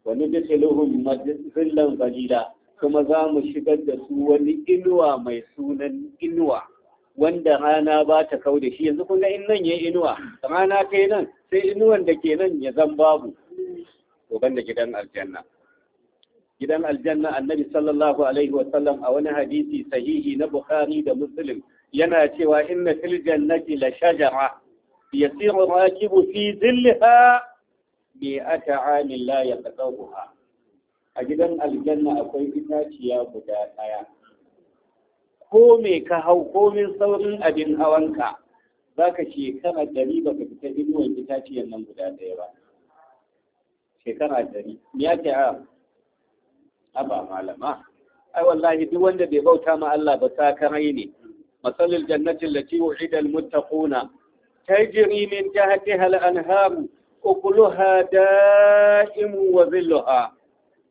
wa nudkhiluhum madkhlan fadila kuma za mu shigar da su wani inuwa mai sunan inuwa wanda rana ba ta kau da shi yanzu kun ga in nan ya inuwa rana ta yi nan sai inuwan da ke nan ya zan babu to da gidan aljanna gidan aljanna annabi sallallahu alaihi wa sallam a wani hadisi sahihi na bukhari da muslim yana cewa inna fil jannati la shajara yasiru rakibu fi zillaha bi ata'amin la yaqdahuha a gidan aljanna akwai itaciya guda ɗaya ko me ka hau komin saurin abin hawanka za ka shekara dari ba ka fita inuwan itaciyar nan guda ɗaya ba shekara ɗari ya ce a aba malama ai wallahi duk wanda bai bauta ma Allah ba sakarai ne masalul jannatin lati wu'ida almuttaquna tajri min jahatiha al-anharu ukuluha da'im wa dhilluha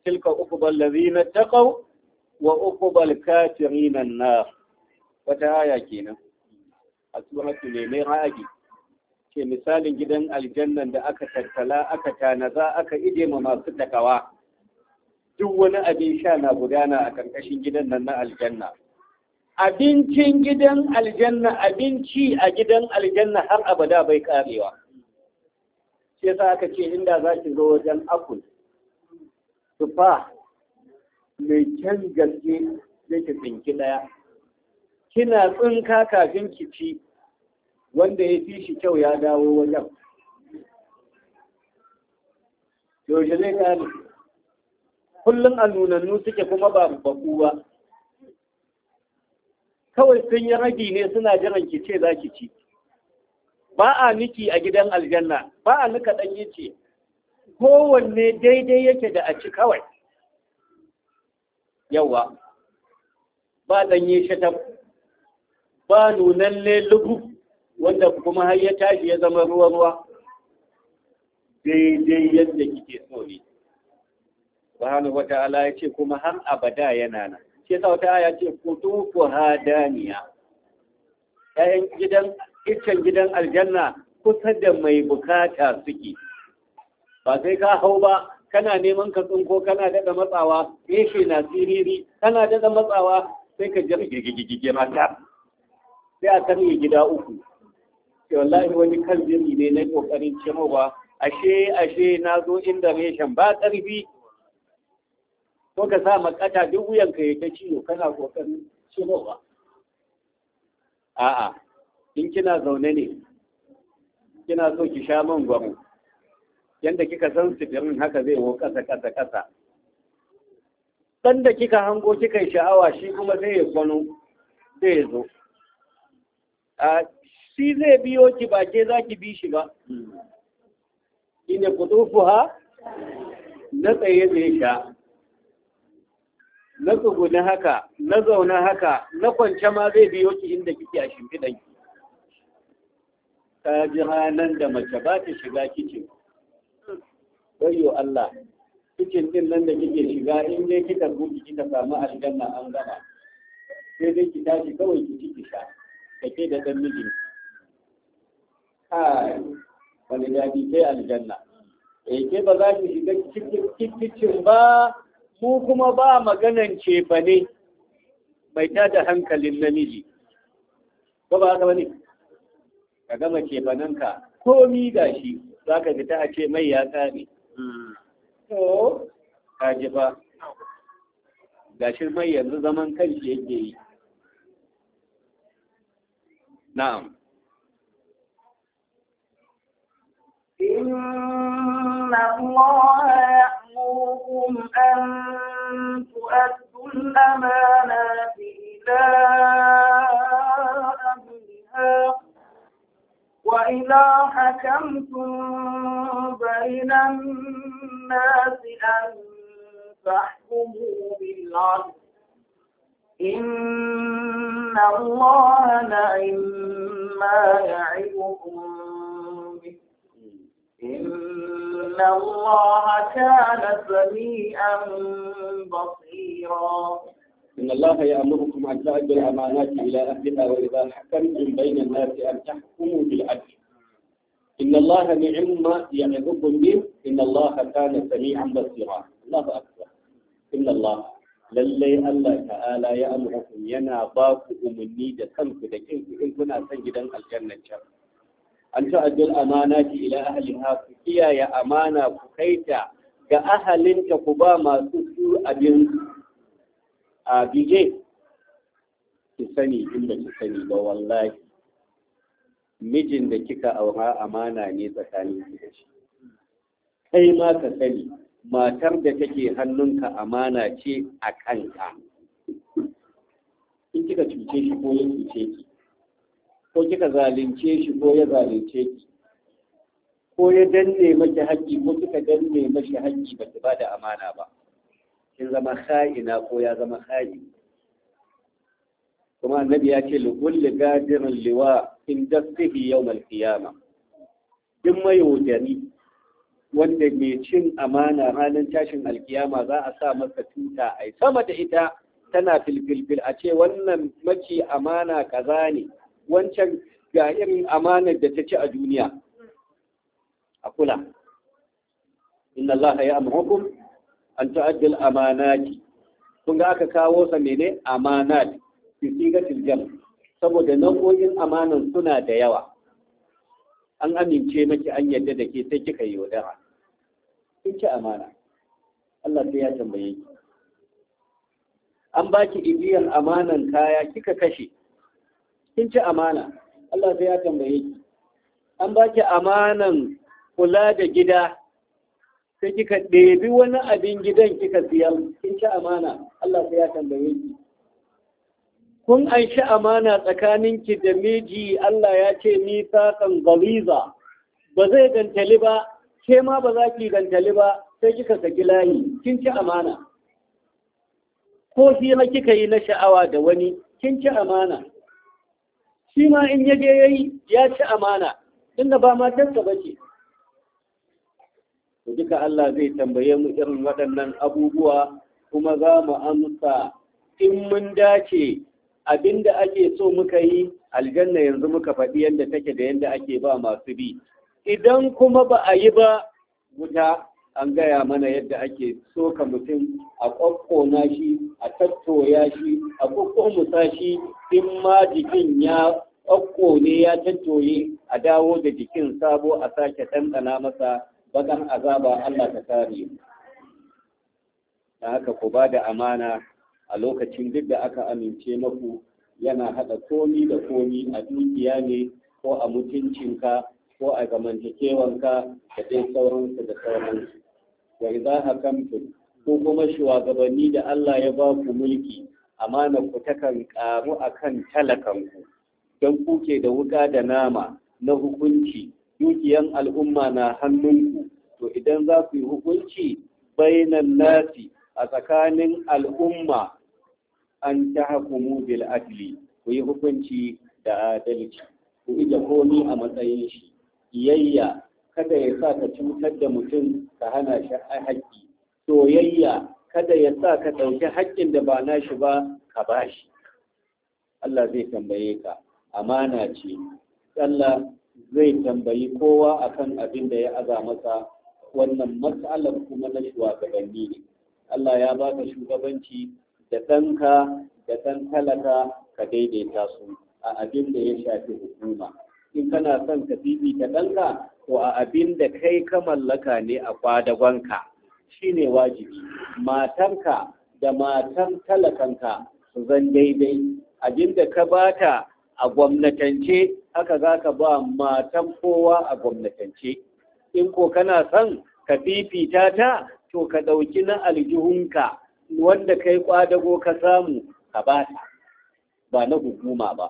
tilka uqbal ladhina taqaw wa uqbal kafirin an wata aya kenan a mai limra'aji ke misalin gidan aljannan da aka tattala aka tanaza aka ide ma masu takawa duk wani abin sha na gudana a ƙarƙashin gidan nan na aljanna abincin gidan aljanna abinci a gidan aljanna har abada bai karewa sai sa aka ce inda za ki zo wajen akul tufa mai kyan gaske zai tsinki ɗaya kina tsinka kafin ki ci wanda ya fi shi kyau ya dawo wajen yaushe zai gane? kullum a nunannu suke kuma ba baku ba kawai sun yi ragi ne suna jiran ki ce za ki ci ba a niki a gidan aljanna ba a nika ɗan ce kowanne daidai yake da a ci kawai yawa ba ɗanye ta ba nunalle lubu wanda kuma har ya tashi ya zama ruwa-ruwa daidai yadda kike so ne wata ala ya ce kuma har abada yana nan ke yasa wata aya ce kutufu hadaniya ƴaƴan gidan iccen gidan aljanna kusa da mai bukata suke ba sai ka hau ba kana neman ka tsinko kana daɗa matsawa reshe na siriri kana daɗa matsawa sai ka jira girgigigige mata sai a karye gida uku sai wallahi wani kan jiri ne na kokarin cimowa. ashe ashe na zo inda reshen ba ƙarfi ko ka sa makata duk wuyanka ya ta ciwo kana kokarin cimowa? a'a in kina zaune ne kina so ki sha man gwamnati yadda kika san sifirin haka zai wo kasa kasa kasa ɗan da kika hango kika yi sha'awa shi kuma zai yi kwano zai zo a shi zai biyo ki ba ke za ki bi shi ba ina tufu ha na tsaye zai sha na tsuguni haka na zauna haka na kwance ma zai biyo ki inda kike a shimfiɗan ta ji ranar da mace ba ta shiga kicin bayyo Allah cikin din nan da kike shiga in dai kika buki kika samu aljanna an gama sai dai ki tashi kawai ki ci ki sha da dan miji kai wani dadi sai aljanna eh ke ba za ki shiga cikin ba mu kuma ba maganan ce ba ne bai tada hankalin namiji ko ba haka bane ka gama ce ka komi gashi zaka fita a ce mai ya tsare To. Ka ba. Gashin mai yanzu zaman kanshi yake yi. Na'am. إن الله يأمركم أن تؤدوا الأمانات وإذا حكمتم بين الناس أن تحكموا بالعدل إن الله نعم ما يعظكم به إن الله كان سميعا بصيرا إن الله يأمركم أن تؤدوا الأمانات إلى أهلها وإذا حكمتم بين الناس أن تحكموا بالعدل إن الله نعم يعظكم به إن الله كان سميعا بصيرا الله أكبر إن الله lallai Allah ta'ala ya amurkum yana ba ku umarni da kanku da kinku in kuna son gidan aljannan can an amana amanati ila ahliha ku kiyaye amana ku kaita ga ahalinta ku ba masu su abin abije ki sani in ba ki sani ba wallahi mijin da kika aura amana ne tsakanin ki da shi kai ma ka sani matar da take hannunka amana ce a kanka in kika cuce shi ko ya cuce ki ko kika zalunce shi ko ya zalunce ki ko ya danne maki haƙƙi ko kika danne mashi haƙƙi ba ki ba da amana ba in zama kha'ina ko ya zama kha'i kuma annabi ya ce likulli gadirin liwa in dastihi yawmal qiyama duk mai wudani wanda mai cin amana ranar tashin alkiyama za a sa masa tuta a sama da ita tana filfilfil a ce wannan maci amana kaza ne wancan ga irin amanar da ta ci a duniya a kula inna allaha ya amhukum an ta'addil amanati kun ga aka kawo sa mene amanat fi sigatil jam saboda nau'o'in amanan suna da yawa an amince miki an yadda da ke sai kika yi wadara kin ci amana Allah sai ya tambaye ki an baki ibiyan amanan kaya kika kashe kin ci amana Allah sai ya tambaye ki an baki amanan kula da gida sai kika ɗebi wani abin gidan kika siya kin ci amana Allah sai ya tambaye ki kun an shi amana tsakaninki da miji Allah ya ce ni sakan galiza ba zai gantali ba ke ma ba za ki gantali ba sai kika saki layi kin ci amana ko hira kika yi na sha'awa da wani kin ci amana shi ma in yaje yayi ya ci amana tunda ba matarsa ba ce to duka Allah zai tambaye mu irin waɗannan abubuwa kuma za mu amsa in mun dace abinda ake so muka yi aljanna yanzu muka faɗi yadda take da yadda ake ba masu bi idan kuma ba a yi ba wuta an gaya mana yadda ake soka mutum a ƙwaƙƙona shi a tattoya shi a ƙwaƙƙomusa shi in ma jikin ya ƙwaƙƙone ya tattoye a dawo da jikin sabo a sake ɗanɗana masa bakan azaba Allah ta kare da haka ku ba da amana a lokacin duk da aka amince maku yana haɗa komi da komi a dukiya ne ko a mutuncinka ko a zamantakewanka da dai sauransu da sauransu wa idza hakamtum ko kuma shugabanni da Allah ya ba ku mulki amana ku takan ƙaru karu akan talakanku don kuke da wuka da nama na hukunci dukiyan al'umma na hannunku to idan za ku yi hukunci bainan nasi a tsakanin al'umma an ta hakumu bil adli ku yi hukunci da adalci ku ija komi a matsayin shi iyayya kada ya sa ka cutar da mutum ka hana shi a haƙƙi soyayya kada ya sa ka ɗauki haƙƙin da ba na shi ba ka bashi Allah zai tambaye ka amana ce Allah zai tambayi kowa akan abin da ya aza masa wannan matsalar kuma na shugabanni ne Allah ya baka shugabanci da ɗanka da ɗan talaka ka daidaita su a abin da ya shafi hukuma in kana son ka ta ɗanka ko a abin da kai ka mallaka ne a kwadagonka shine wajibi matanka da matan talakanka su zan daidai abin da ka bata a gwamnatance haka za ka ba matan kowa a gwamnatance in ko kana son ka fifita ta to ka ɗauki na aljihunka wanda kai kwadago ka samu ka ba ta ba na hukuma ba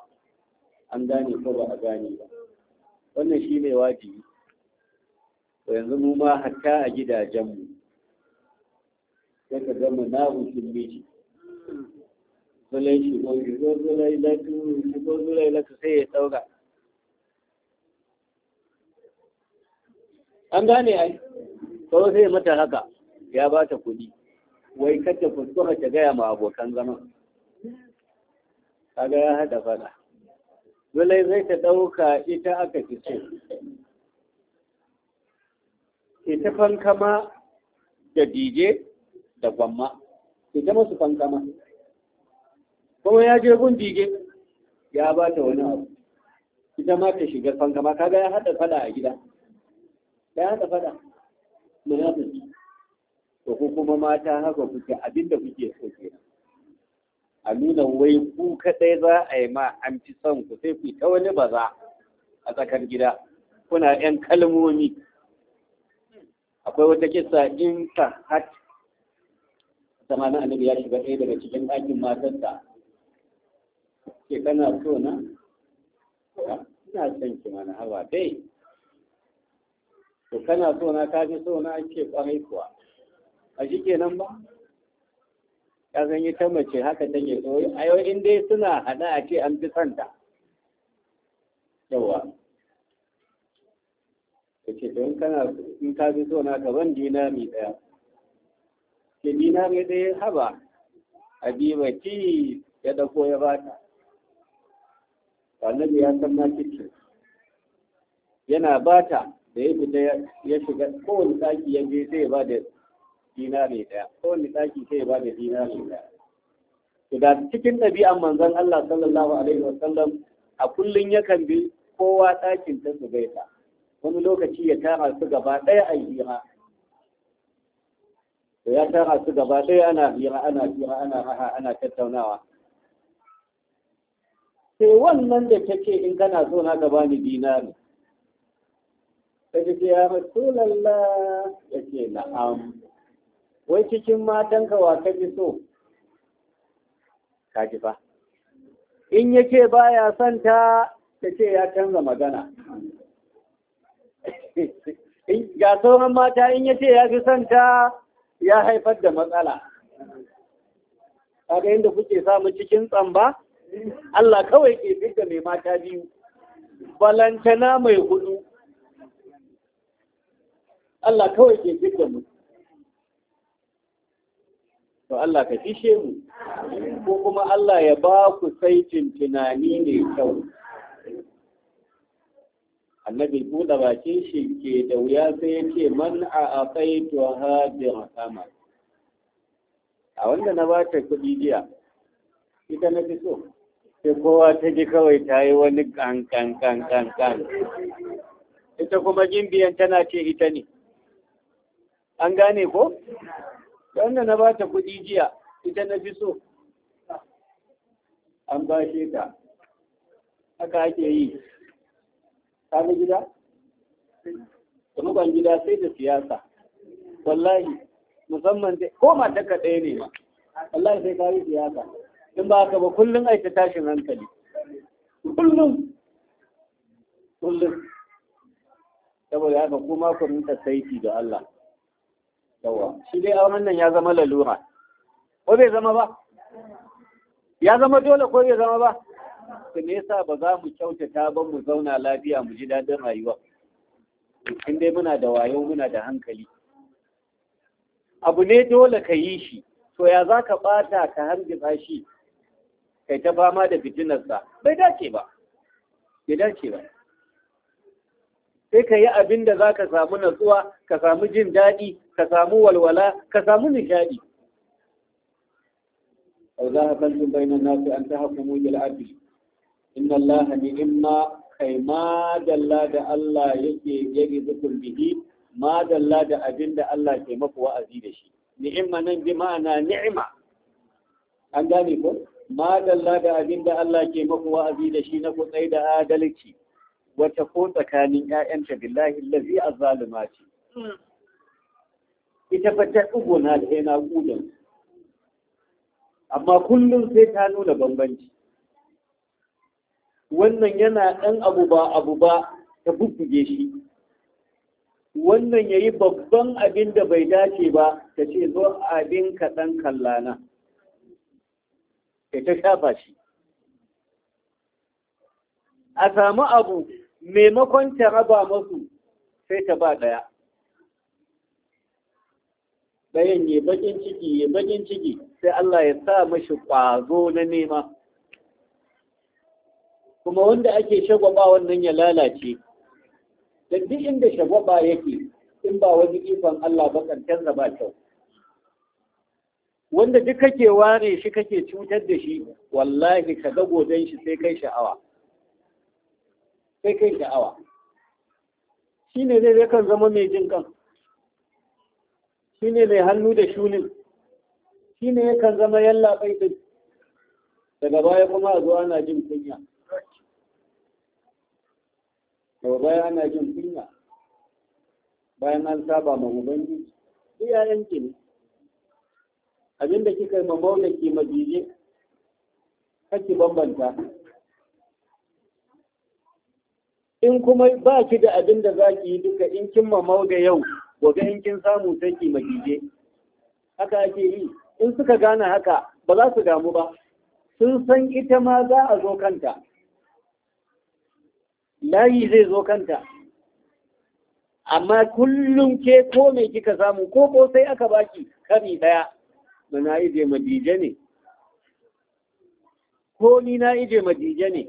an gane ko ba a gane ba wannan shi ne wajibi to yanzu mu ma hatta a gidajenmu sai ka na hukun miji zulai shi shigo zulai latu zulai latu sai ya ɗauka an gane ai ko sai mata haka ya ba ta kuɗi wai kacce kuskura ta gaya ma abokan zama kaga ya haɗa fada dole zai ta ɗauka ita aka fi so ita fankama da dije da gwamma ita masu fankama kuma ya je gun dije ya ba ta wani abu ita ma ta shiga fankama kaga ya haɗa fada a gida da haka fada munafiki to ku kuma mata haka kuke abinda kuke so ke. a nuna wai ku kadai za a yi ma an fi son ku sai ku ta wani baza a tsakar gida kuna yan kalmomi akwai wata kisa in ta hat zamanin annabi ya shiga ɗaya daga cikin ɗakin matarsa ke kana so na ah, ina son ki mana haba dai to kana so na ka fi so na ake kwarai kuwa a shi kenan ba ka san ita mace haka ta take so ayo in dai suna hada a ce an fi santa yawa ka ce to in kana in ka fi so na ka ban dinami daya ke dinami daya haba habiba ki ya dauko ya bata ta ya san na cikin yana bata da ya fita ya shiga kowane ɗaki ya je sai ya ba da dinari ɗaya kowane ɗaki sai ya ba da dinari ɗaya da cikin ɗabi'an manzon Allah sallallahu alaihi wasallam a kullun yakan bi kowa ɗakin ta su gaita wani lokaci ya tara su gaba ɗaya a hira to ya tara su gaba ɗaya ana hira ana hira ana raha ana tattaunawa sai wannan da take in kana so na gaba ni dinari ta ji ya rasulallah ya ce na'am wai cikin matanka wa ka ji so ka ji fa in ya ce ba ya son ta ta ce ya canza magana <laughs> ga sauran mata in ya ce ya fi son ta ya haifar da matsala kaga yadda kuke samu cikin tsamba Allah kawai ke fidda mai mata biyu balantana mai hudu Allah kawai ke fidda mu to Allah ka fishe mu ko kuma Allah ya ba ku saitin tunani ne kyau annabi buɗe bakin shi ke da wuya sai ya ce man a akai to hajjin sama a wanda na ba ta kuɗi jiya ita na fi so sai kowa ta ji kawai ta yi wani kan kan ita kuma gimbiyan tana ce ita ne an gane ko wanda na ba ta kuɗi jiya ita na fi so an ba shi ta haka ake yi kama gida kuma gida sai da siyasa wallahi musamman dai ko mata ɗaya ne ma wallahi sai kari siyasa in ba ka ba kullum ai tashin hankali kullum kullum saboda haka kuma ku rinka saiti da Allah yawa shi dai auren nan ya zama lalura ko bai zama ba ya zama dole ko bai zama ba to nesa ba za mu kyautata ba mu zauna lafiya mu ji dadin rayuwa in dai muna da wayo muna da hankali abu ne dole ka yi shi to ya za ka ɓata ka hargitsa shi kai ta fama da fitinarsa bai dace ba bai dace ba sai ka yi abin da za ka samu natsuwa ka samu jin daɗi ka samu walwala ka samu nishaɗi أو ذهب بين الناس أن تحكموا بالعدل إن الله نعم kai ma dalla da Allah yake yake zukun bihi ma dalla da abin da Allah ke maku wa'azi da shi ni'ima nan bi ma'ana ni'ima an gane ko ma dalla da abin da Allah ke maku wa'azi da shi na kutsai da adalci wata ko tsakanin ‘ya'yanta billahi lazi a zalima ce. Ita fa ta na da na ƙudan. Amma kullum sai ta nuna bambanci. Wannan yana ɗan abu ba abu ba ta bubbuge shi. Wannan ya yi babban abin da bai dace ba ta ce zo abin kaɗan kallana. Ita ta shafa shi. A samu abu maimakon ta raba masu sai ta ba ɗaya Bayan ne bakin ciki ya bakin ciki sai Allah ya sa mashi ƙwazo na nema kuma wanda ake shagwaba wannan ya lalace da duk inda shagwaba yake in ba wani ikon Allah ba canza ba kyau wanda duk kake ware shi kake cutar da shi wallahi ka ga godon shi sai kai sha'awa sai kai sha'awa shi ne zai kan zama mai jin kan shi ne mai hannu da shunin shi ne yakan zama yalla da daga baya kuma a zuwa ana jin kunya daga baya ana jin kunya bayan an saba ma ubangiji ya ki ne abinda kika yi ma maulaki mabije kake bambanta in kuma ba ki da abin da za ki yi duka in kin mamau da yau gobe in kin samu sai ki magije haka ake yi in suka gane haka ba za su damu ba sun san ita ma za a zo kanta layi zai zo kanta amma kullum ke ko me kika samu ko ko sai aka baki kari daya na ije madije ne ko ni na ije madije ne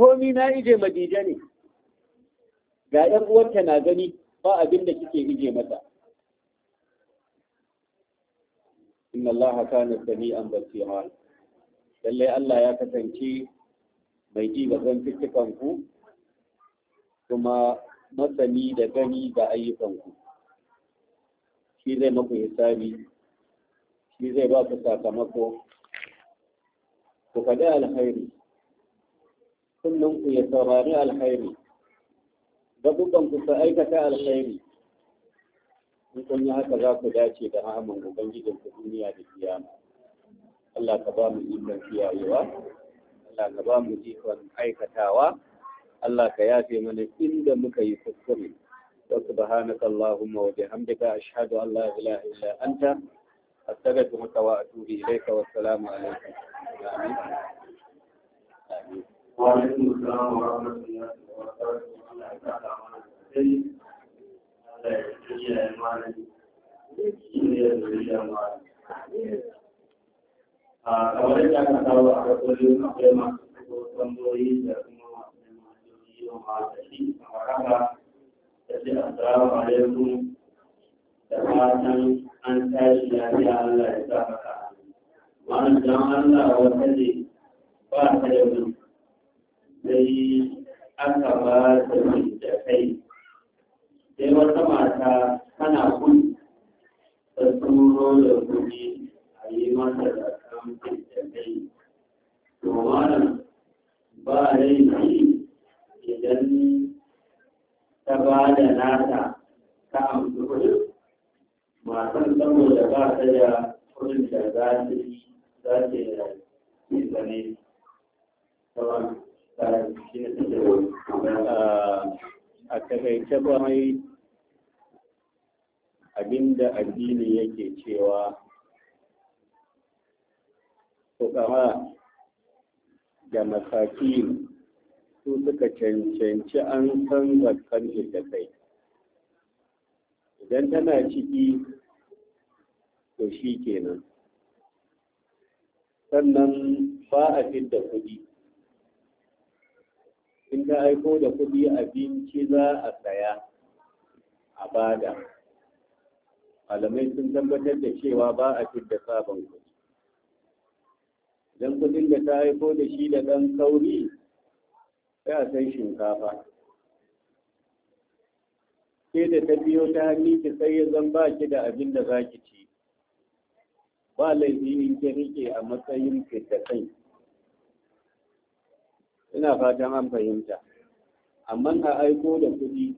komi na ije madija ne ga ɗan uwanta na gani ba abin da kike ije mata inna Allah kana sami'an basira lalle Allah ya kasance mai ji ga zantukan ku kuma masani da gani ga ayyukan ku shi zai maku hisabi shi zai ba ku sakamako ku faɗi alkhairi kullum ku ya saurari alkhairi gabuban ku sa aikata alkhairi in kun yi haka za ku dace da rahaman ubangijin ku duniya da kiyama Allah ka ba mu ikon kiyayewa Allah ka ba mu ikon aikatawa Allah ka yafe mana inda muka yi kuskure وسبحانك اللهم وبحمدك أشهد أن لا إله إلا أنت أستغفرك وأتوب إليك والسلام عليكم آمين وعليكم السلام ورحمة الله وبركاته الله تعالى أمانة kamar yadda a rasulun da kuma masu neman jirgi da an lafiya Allah ya sa maka ma'an dan Allah wata ne ba ta da sai aka ba da da kai sai wata mata tana kun ta turo da kuɗi a yi mata da kan da kai domin ba laifi idan ta ba da nata ta amsa kuɗi matan saboda ba ta da kuɗin da za ta yi za ta yi zane. Thank a takaice kwarai abinda addini yake cewa fukara da masakin su suka cancanci an san zakkan da kai idan tana ciki to shi kenan sannan ba a fidda kuɗi in ta aiko da kuɗi abinci za a saya a bada malamai sun tabbatar da cewa ba a da sabon kuɗi don kuɗin da ta aiko da shi da ɗan kauri sai a san shinkafa ke da ta biyo ta hannu ki sai ya zan ba ki da abin da za ki ci ba laifi in ki rike a matsayin fidda ina fatan an fahimta amma a aiko da kuɗi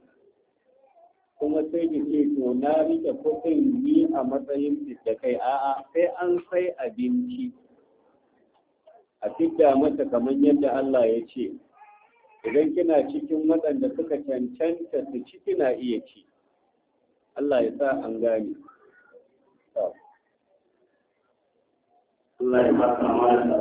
kuma sai da ce to na rike kuɗin ni a matsayin da kai a'a sai an sai abinci a fidda mata kamar yadda Allah ya ce idan kina cikin waɗanda suka cancanta su ci kina iya ci Allah ya sa an gane Allah ya ba ta mara da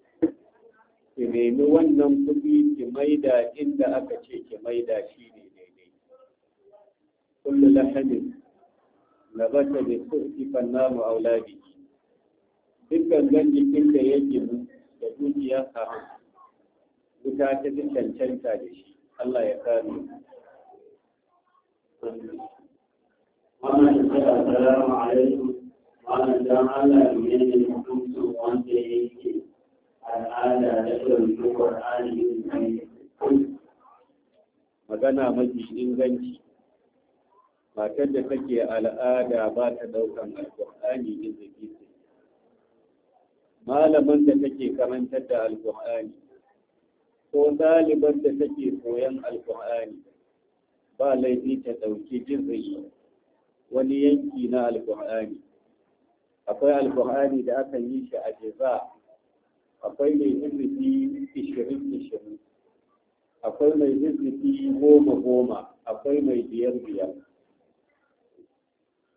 ki nemi wannan kuɗi ki maida inda aka ce ki maida shi ne daidai kullu lahamin nabata bi sirri fannamu auladi dukkan gan jikin da ya ginu da dukiya haram wuta ta fi cancanta da shi Allah ya kare wannan da assalamu alaikum wannan dan Allah ne ne mutum wanda yake al'ada da magana mafi inganci matar da take al'ada ba ta ɗaukan alƙur'ani izini malaman da take karantar da alƙur'ani ko ɗaliban da take koyan alƙur'ani ba laifi ta ɗauki jizri wani yanki na alƙur'ani akwai alƙur'ani da aka yi shi a jiza akwai mai hizifi ishirin ishirin akwai mai hizifi goma goma akwai mai biyar biyar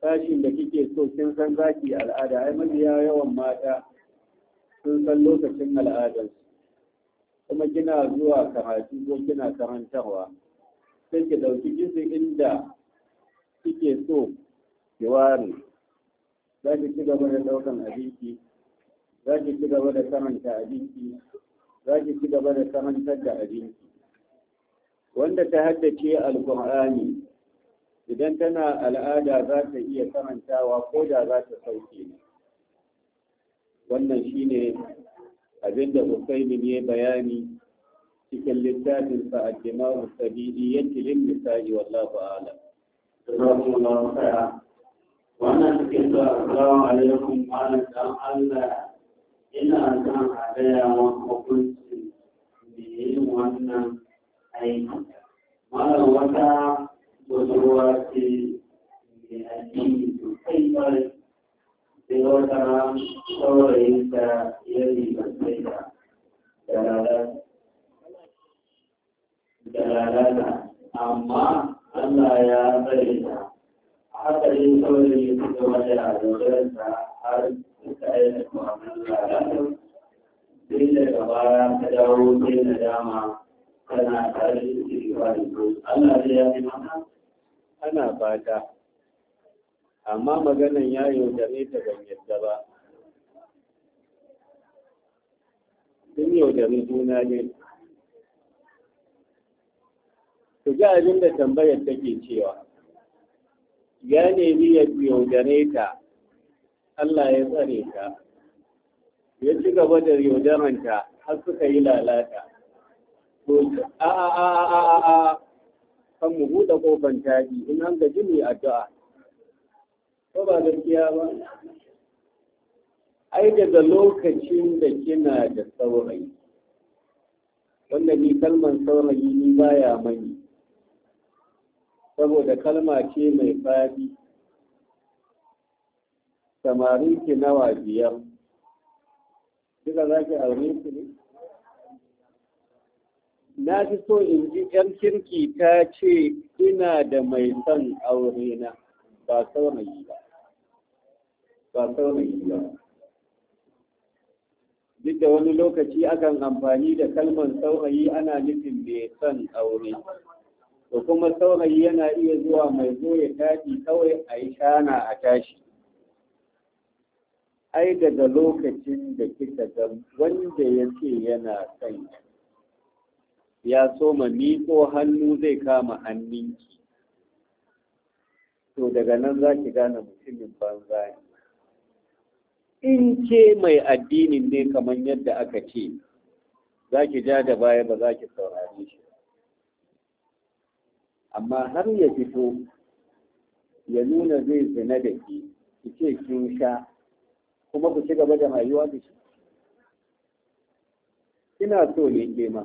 sashin da kike so kin san zaki al'ada ai mabiya yawan mata sun san lokacin al'adar. kuma kina zuwa karatu ko kina karantarwa sai ki ɗauki gizi inda kike so ki ware za ki ci gaba da daukan abinci za ki ci gaba da karanta abinci za ki ci gaba da karantar da abinci wanda ta haddace alkur'ani idan tana al'ada za ta iya karantawa ko da za ta sauke ne wannan shine abinda Usaimin ya bayani cikin littafin sa al-Dimaru Sabili yake lin misali wallahu a'lam wannan cikin da assalamu alaikum malam dan Allah ina son a gaya wa hukuncin da yi wannan aiki mara wata budurwa ce mai addini sosai kwarai sai wata saurayinta ya ribantai da da lalata amma Allah ya tsare ta haka yin saurayi suka wata a dogara har suka aika ana fata amma maganan ya yaudare ta ban yadda ba sun yaudare juna ne Su ga abin da tambayar take cewa ya nemi ya yaudare ta Allah ya tsare ta ya ci gaba da yaudaranta har suka yi lalata to a a a a a a kan mu buɗe kofan taji in an gaji mai addu'a ko ba gaskiya ba ai daga lokacin da kina da saurayi wanda ni kalmar saurayi ni baya mani saboda kalma ce mai fadi samarin ki nawa biyar duka za ki aure su ne na fi so in ji yan kirki ta ce ina da mai son aure na ba saurayi ba ba saurayi ba duk da wani lokaci akan amfani da kalmar saurayi ana nufin mai son aure to kuma saurayi yana iya zuwa mai zo ya tashi kawai a yi shana a tashi ai daga lokacin da kika ga wanda ya ce yana son ya so ma miƙo hannu zai kama hannunki to daga nan za ki gane mutumin banza ne in ce mai addinin ne kamar yadda aka ce za ki ja da baya ba za ki saurare shi amma har ya fito ya nuna zai zina da ki ki ce kin sha kuma ku ci gaba da rayuwa da shi ina so ne ke ma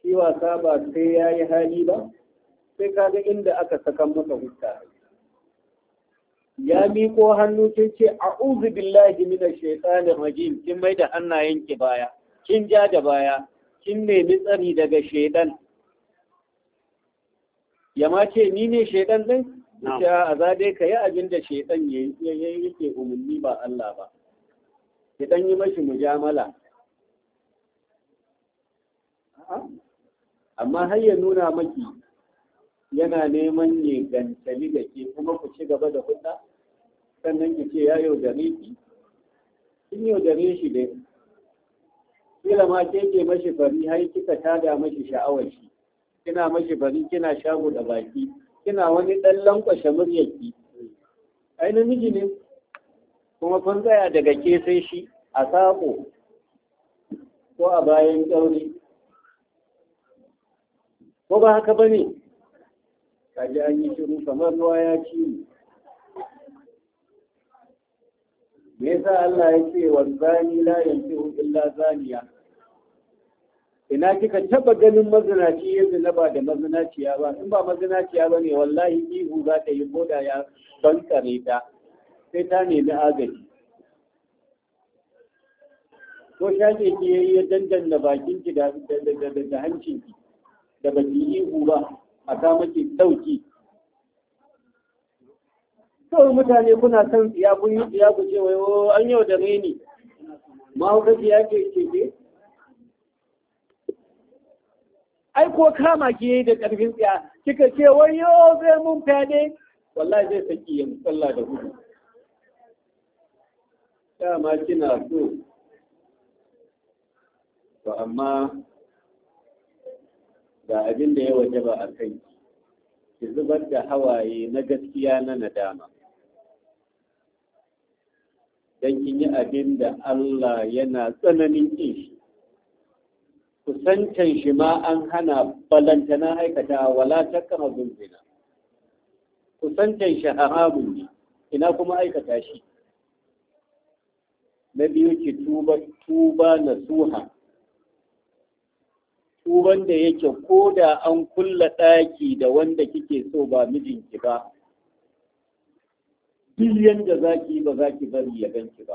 shi wasa ba sai ya yi hali ba sai kaga inda aka sakan maka hutta ya miko hannu kin ce a'udhu billahi minash shaitanir rajim kin mai da hannayen ki baya kin ja da baya kin nemi tsari daga shaidan ya ma ce ni ne shaidan din Ya a za ka yi abin da shaitan ya yi yake umarni ba Allah ba. Shaitan yi mashi mujamala. Amma har ya nuna maki yana neman ne gantali da ke kuma ku ci gaba da hulɗa sannan ki ce ya yaudare in Kin yaudare shi dai. Kila ma keke mashi bari har kika tada mashi sha'awar shi. Kina mashi bari kina shago da baki. kina wani ɗan lankwashe muryarki ai namiji ne kuma kun tsaya daga ke sai shi a saƙo ko a bayan ƙyauri ko ba haka ba ne kaji an yi shiru kamar ruwa ya ci ne. me yasa Allah ya ce wa zani la yanzu illa zaniya ina kika taba ganin mazinaci ya zina ba da mazinaciya ba in ba mazinaciya ba ne wallahi ihu za ta yi koda ya tsare ta sai ta nemi agaji ko shaƙe ki yi ya dandanna bakin ki da da hancin ki da baki ihu ba a ta maki sauki kawai mutane kuna son ya kun yi ku ce wai oh, an yau da reni ma hukaci ya ke ke ai ko kama ki yi da ƙarfin tsaya kika ce wai yo zai mun fade wallahi zai saki ya tsalla da gudu dama kina so to amma ga abin da ya waje ba a kai ki zubar da hawaye na gaskiya na nadama don kin yi abin da Allah yana tsananin ishi. kusantan shi ma an hana balantana aikata wala mazun zina kusantan shi haramun ne ina kuma aikata shi na biyu ki tuba tuba nasuha tuban da yake ko da an kulla ɗaki da wanda kike so ba mijinki ba duk yanda zaki ba zaki bari ya ganki ba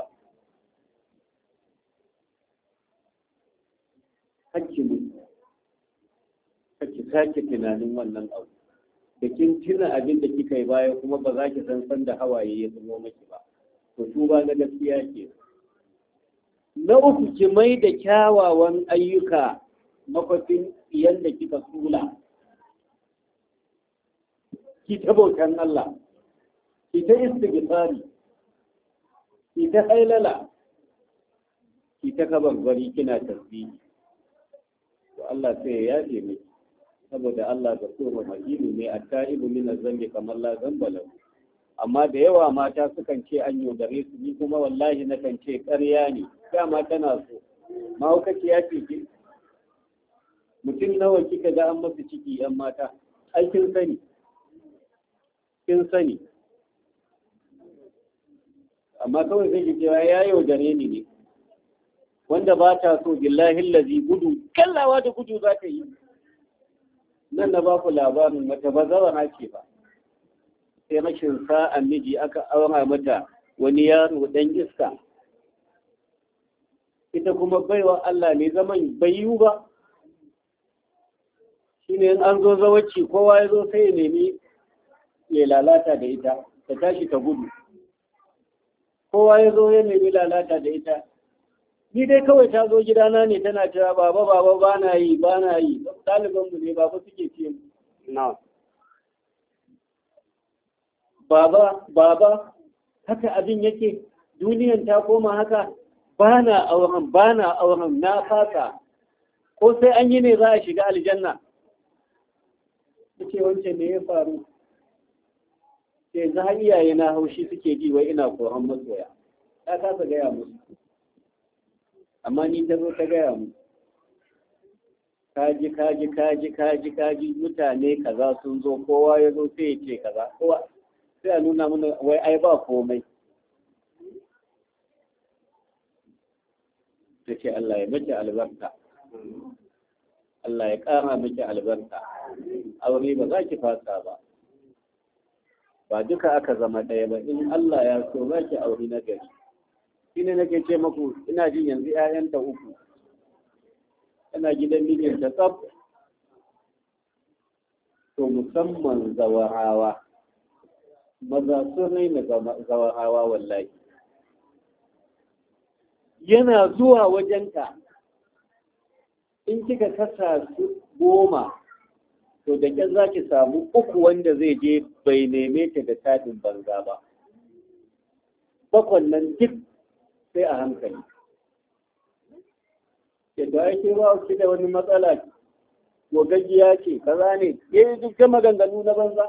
ki sake tunanin wannan abu da kin tuna abin da kika yi baya kuma ba za ki san san da hawaye ya zubo miki ba to ba na gaskiya ke na uku ki mai da kyawawan ayyuka makwafin yadda kika sula ki ta bautan Allah ki ta istighfari ki ta hailala ki ta kabar bari kina tasbihi to Allah sai ya yi miki saboda Allah ga tsoron hakimi ne a ta'ibu mina zambi kamar la zamba lahu amma da yawa mata sukan ce an yaudare su ni kuma wallahi na kan ce ƙarya ne dama tana so mahaukaciya ce ki mutum nawa kika ga an masa ciki yan mata ai kin sani kin sani amma kawai zai ji cewa ya yaudare ni ne wanda ba ta so billahi lazi gudu kallawa da gudu za ta yi nan na ba ku labarin mata ba zawana ce ba sai rashin sa'an miji aka aura mata wani yaro dan iska ita kuma baiwa Allah ne zaman bayu ba shine in an zo zawaci kowa ya zo sai ya nemi ya lalata da ita ta tashi ta gudu kowa ya zo ya nemi lalata da ita ni dai kawai ta zo gidana ne tana cewa baba baba ba na yi ba na yi ɗalibanmu ne baba suke ce na baba baba haka abin yake duniyan ta koma haka ba na auren ba na auren na fasa ko sai an yi ne za a shiga aljanna ce wancan ne ya faru sai za iyaye na haushi suke ji wai ina koran masoya ta kasa gaya musu amma ni ta zo ta gaya mu kaji kaji kaji kaji kaji mutane kaza sun zo kowa ya zo sai ya ce kaza kowa sai a nuna mana wai ai ba komai ta ce Allah ya miki albarka Allah ya kara miki albarka aure ba za ki fasa ba ba duka aka zama ɗaya ba in Allah ya so za ki aure na gari shi ne nake ce maku ina jin yanzu 'ya'yanta uku ana gidan ta tsaf to musamman zawarawa maza sun raina zawarawa wallahi yana zuwa wajenka in kika kasa su goma to da ƙyan za ki samu uku wanda zai je bai neme ta da tadin banza ba Bakon nan duk sai a hankali yadda ake ba ki da wani matsala gogaggiya ce kaza ne ya eh, yi duk maganganu na banza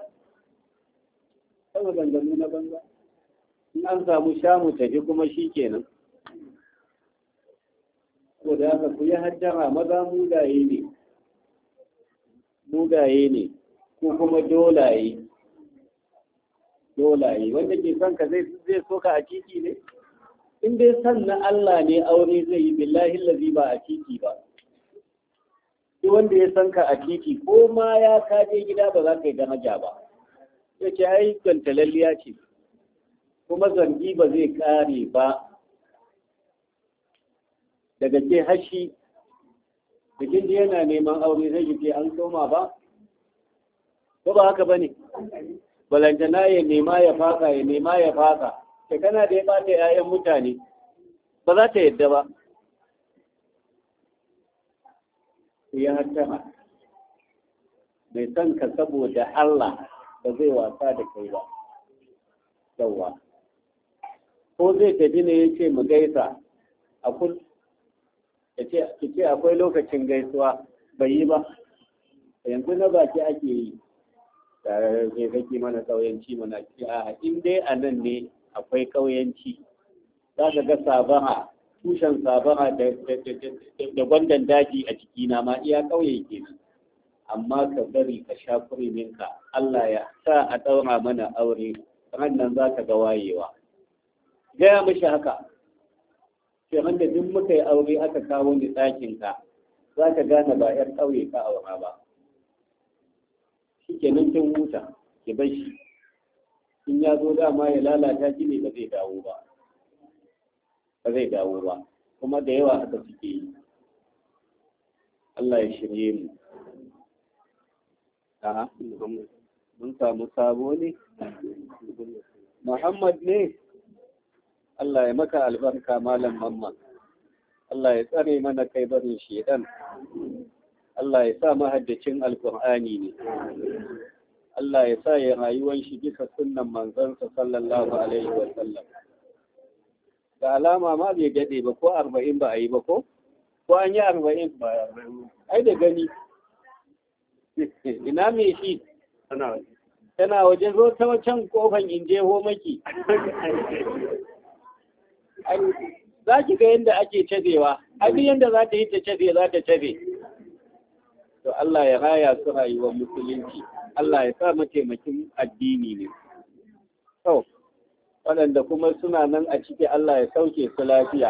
ta maganganu na banza in an samu shamu tafi kuma shi kenan ko da haka ku yi hajjara maza mugaye ne mugaye ne ko kuma dolaye dolaye wanda ke son ka zai so ka a kiki ne in dai san na Allah ne aure zai yi billahi lazi ba a titi ba Ki wanda ya san ka a titi ko ma ya kaje gida ba za ka yi daraja ba ya ce ai gantalalliya ce kuma zargi ba zai kare ba daga ke hashi da ji yana neman aure zai yi an koma ba ko ba haka ba ne balantana ya nema ya faka ya nema ya faka da kana da ya bata ‘ya'yan mutane ba za ta yadda ba ya hattara mai son ka saboda Allah da zai wasa da kai ba yawwa ko zai tafi ne ya ce mu gaisa akwai lokacin gaisuwa bai yi ba yanzu na baki ake yi tare da zai mana sauyanci mana a in dai a nan ne akwai ƙauyenci za ka ga sabaha tushen sabaha da gwandan daji a na ma iya ƙauye nan. amma ka bari ka sha kuriminka Allah ya sa a ɗaura mana aure nan za ka ga wayewa gaya mishi haka shekar da duk muka yi aure aka kawo ni ɗakinka za ka gane ba 'yar ƙauye ka aura ba shi kenan kin huta ki bar shi in ya zo dama ya lalata shi ne ba zai dawo ba ba zai dawo ba kuma da yawa haka suke yi Allah ya shirye mu a mun samu sabo ne Muhammad ne Allah ya maka albarka malam mamman Allah ya tsare mana kai barin shedan Allah ya sa mahaddacin alkur'ani ne Allah ya sa ya rayuwar shi bisa sunnan manzansa sallallahu alaihi wa sallam da alama ma bai gade ba ko arba'in ba a yi ba ko ko an yi arba'in ba ai da gani ina me shi tana waje zo ta wancan kofan in ho maki za ki ga yadda ake cafewa abin yadda za ta yi ta cafe za ta cafe to Allah ya raya su rayuwar musulunci Allah ya sa mataimakin addini ne to waɗanda kuma suna nan a ciki Allah ya sauke su lafiya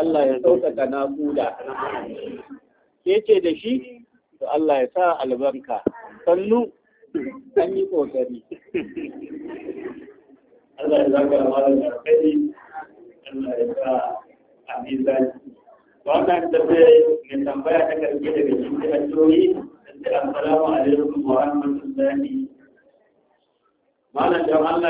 Allah ya sauƙaƙa naƙuda ke ce da shi to Allah ya sa albarka sannu an yi ƙoƙari Allah ya zaka malam alƙari Allah ya sa a mizani wannan tafiya mai tambaya ta karfi daga cikin hanyoyi Assalamu alaikum wa rahmatullahi. Malam don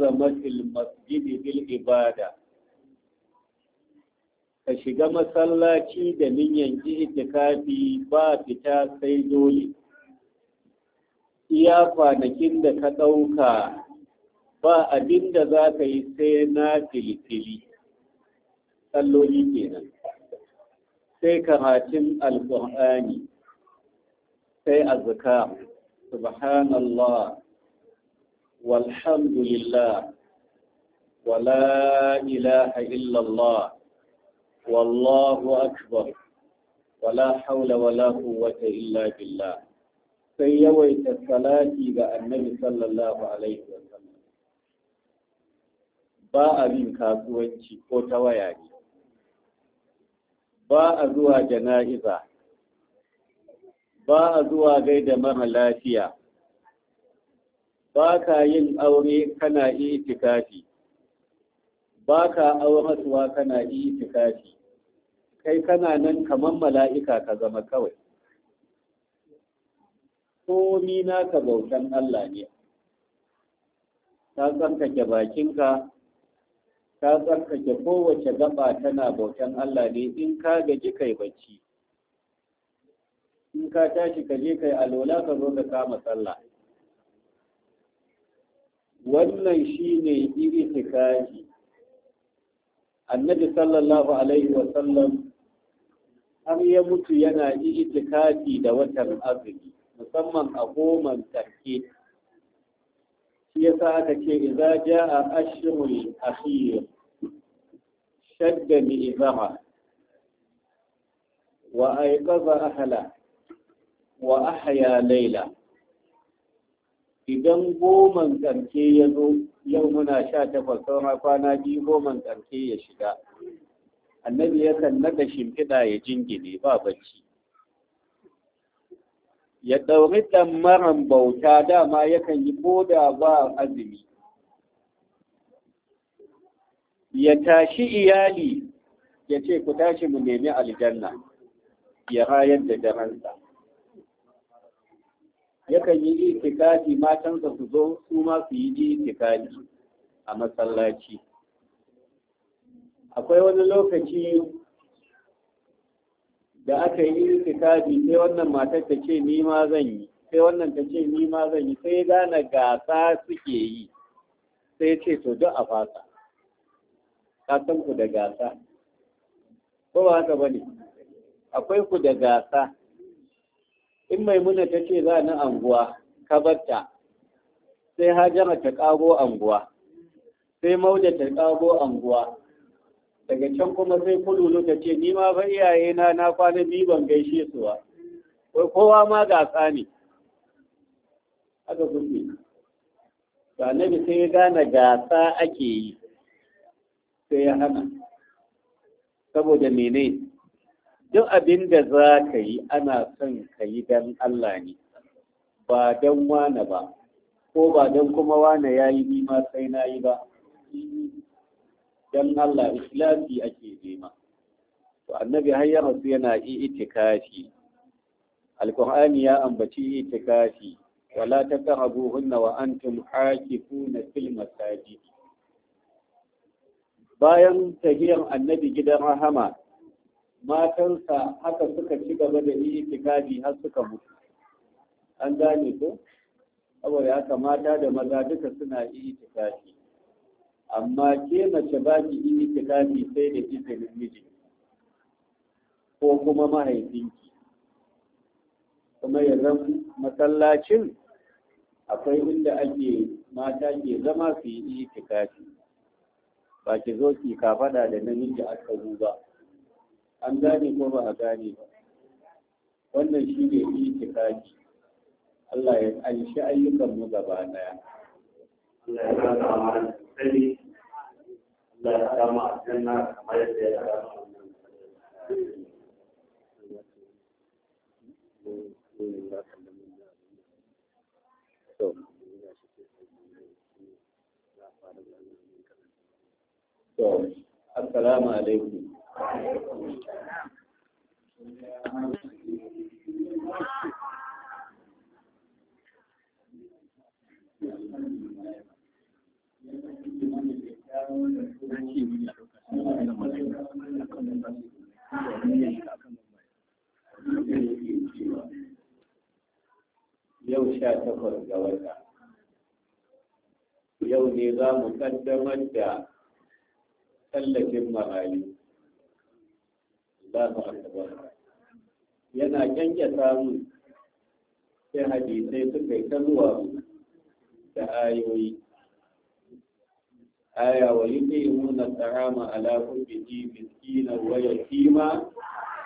da masjidi bil ibada. Ka shiga masallaci da niyan itikafi ba fita sai dole. Iya kwanakin da ka ɗauka ba abin da za ka yi sai na filifili tsalloli kenan sai karatun alƙur'ani sai azkar subhanallah walhamdulillah wala ilaha illallah wallahu akbar wala haula wala quwwata illa billah sai yawaita salati ga annabi sallallahu alaihi wasallam ba a bin kasuwanci ko ta waya ne ba a zuwa jana'iza ba a zuwa gaida mara lafiya ba ka yin aure kana tikafi ba ka auratuwa kana itikafi kai kana nan kamar mala'ika ka zama kawai komi ka bautan Allah ne ta tsarkake bakinka ka tsarkake kowace gaba tana bautan Allah ne in ka gaji kai bacci in ka tashi ka je kai alola ka zo ka kama sallah wannan shine iri tikaji annabi sallallahu alaihi wa sallam har ya mutu yana itikafi da watan azumi musamman a goman tarke shi yasa aka ce idza jaa ashrul akhir شد مئذرة وأيقظ أهله وأحيا ليلة idan goman ƙarke ya zo yau muna sha takwas saura kwana biyu goman ƙarke ya shiga annabi yakan naɗa shimfiɗa ya jingine ba bacci ya ɗauri ɗan maran bauta ma yakan yi ko da ba azumi ya tashi iyali ya ce ku tashi mu nemi aljanna ya hayar da daransa yakan yi itikafi matansa su zo su ma su yi itikafi a masallaci akwai wani lokaci da aka yi itikafi sai wannan matar ta ce ni ma zan yi sai wannan ta ce ni ma zan yi sai gane gasa suke yi sai ce to duk a fasa ka san ku da gasa ko ba haka bane akwai ku da gasa in maimuna ta ce za ni anguwa ka batta sai hajara ta ƙago anguwa sai mauda ta ƙago anguwa daga can kuma sai kululu ta ce ni ma fa iyaye na na kwana biyu ban gaishe su ba wai kowa ma gasa ne haka kuke to nabi sai ya gane gasa ake yi sai ya hana saboda mene duk abin da za ka yi ana son ka yi don Allah ne ba don wane ba ko ba don kuma wane ya yi nima sai na yi ba don Allah ikhlasi ake nema to annabi har ya rasu yana itikafi alkur'ani ya ambaci itikafi wala taqrabuhunna wa antum kuna fil masajid bayan tahiyar annabi gidan rahama matansa haka suka ci gaba da yi itikadi har suka mutu an gane ko saboda haka mata da maza duka suna yi itikadi amma ke mace ba ki yi itikadi sai da izinin miji ko kuma mahaifinki kuma yanzu masallacin akwai inda ake mata ke zama su yi itikadi ba ki zo ki ka faɗa da namiji aka ba an gane ko ba a gane ba wannan shi ne ki itikaki Allah ya anshi ayyukan mu gaba daya Allah ya kama amaran sani Allah ya kama aljanna kamar yadda ya kama wannan To, assalamu alaikum. Yau sha takwas ga wata, yau ne za mu kaddamar da tallafin marayu Allahu akbar yana kyanke samun sai hadisai suka yi ta zuwa da ayoyi aya wa yuqimuna at-ta'ama ala kulli miskinan waya kima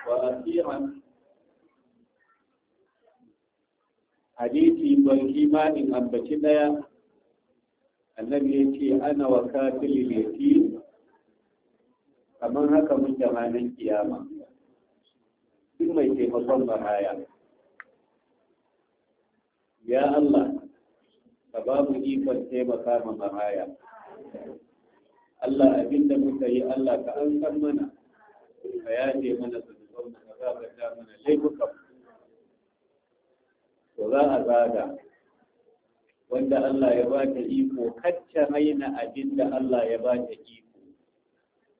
wa asira. hadisi ban kimanin ambaci daya annabi ya ce ana wa kafin yatim kamar haka mun jamanin kiyama duk mai taimakon bahaya ya Allah ka ba mu ikon taimaka ma bahaya Allah abinda muka yi Allah ka an san mana ka yaje mana da mu ka gafarta mana laifukan to za a zaga wanda Allah ya ba ta iko kacce raina abinda Allah ya ba ta iko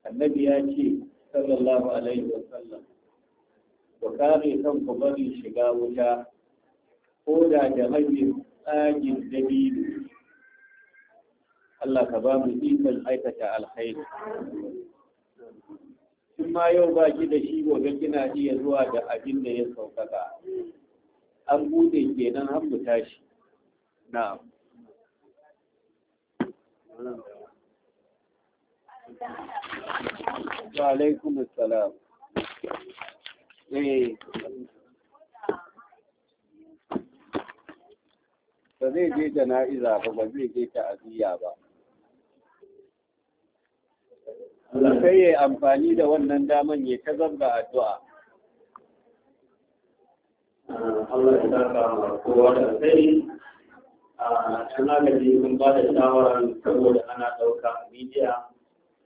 annabi ya ce sallallahu alaihi wa sallam ku kare kan ku bari shiga wuta ko da da hajjin tsagin dabidu Allah ka ba mu ikon aikata alkhairi in ma yau ba ki da shi gobe kina iya zuwa da abin da ya saukaka an bude kenan har mu tashi na'am wa alaikum assalam eh. ba zai je jana'iza ba ba zai je ta'aziyya ba sai ya amfani da wannan daman ya ta zabga addu'a Allah ya saka ma kowa da sai a tana da ba da shawarar saboda ana ɗauka a media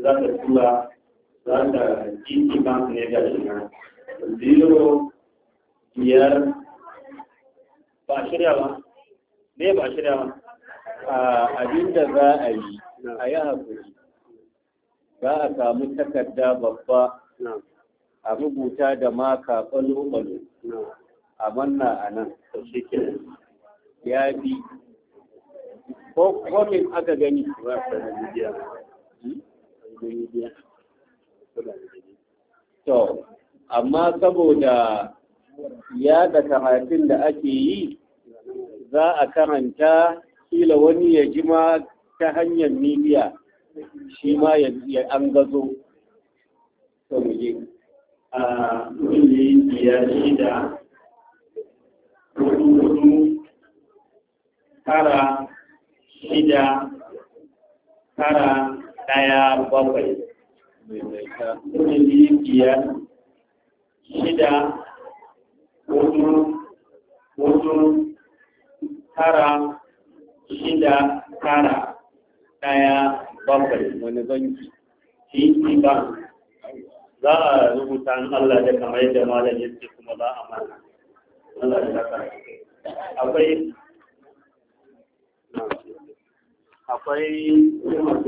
za ta tura za ta jinki ba su ne ga shi nan zero biyar ba shirya ba ne ba shirya ba abinda za a yi a yi haƙuri za a samu takarda babba a rubuta da maka ɓalo-ɓalo a manna a nan ya bi ko komin aka gani to amma saboda yada karatun da ake yi za a karanta kila wani ya jima ta hanyar miliya shi ma ya an gazo to a miliyan hudu tara shida tara ɗaya bakwai sifili biyar shida hudu hudu tara shida tara ɗaya bakwai wani banki titi ba za a rubuta an Allah da kama yadda malam ya ce kuma za a mana akwai akwai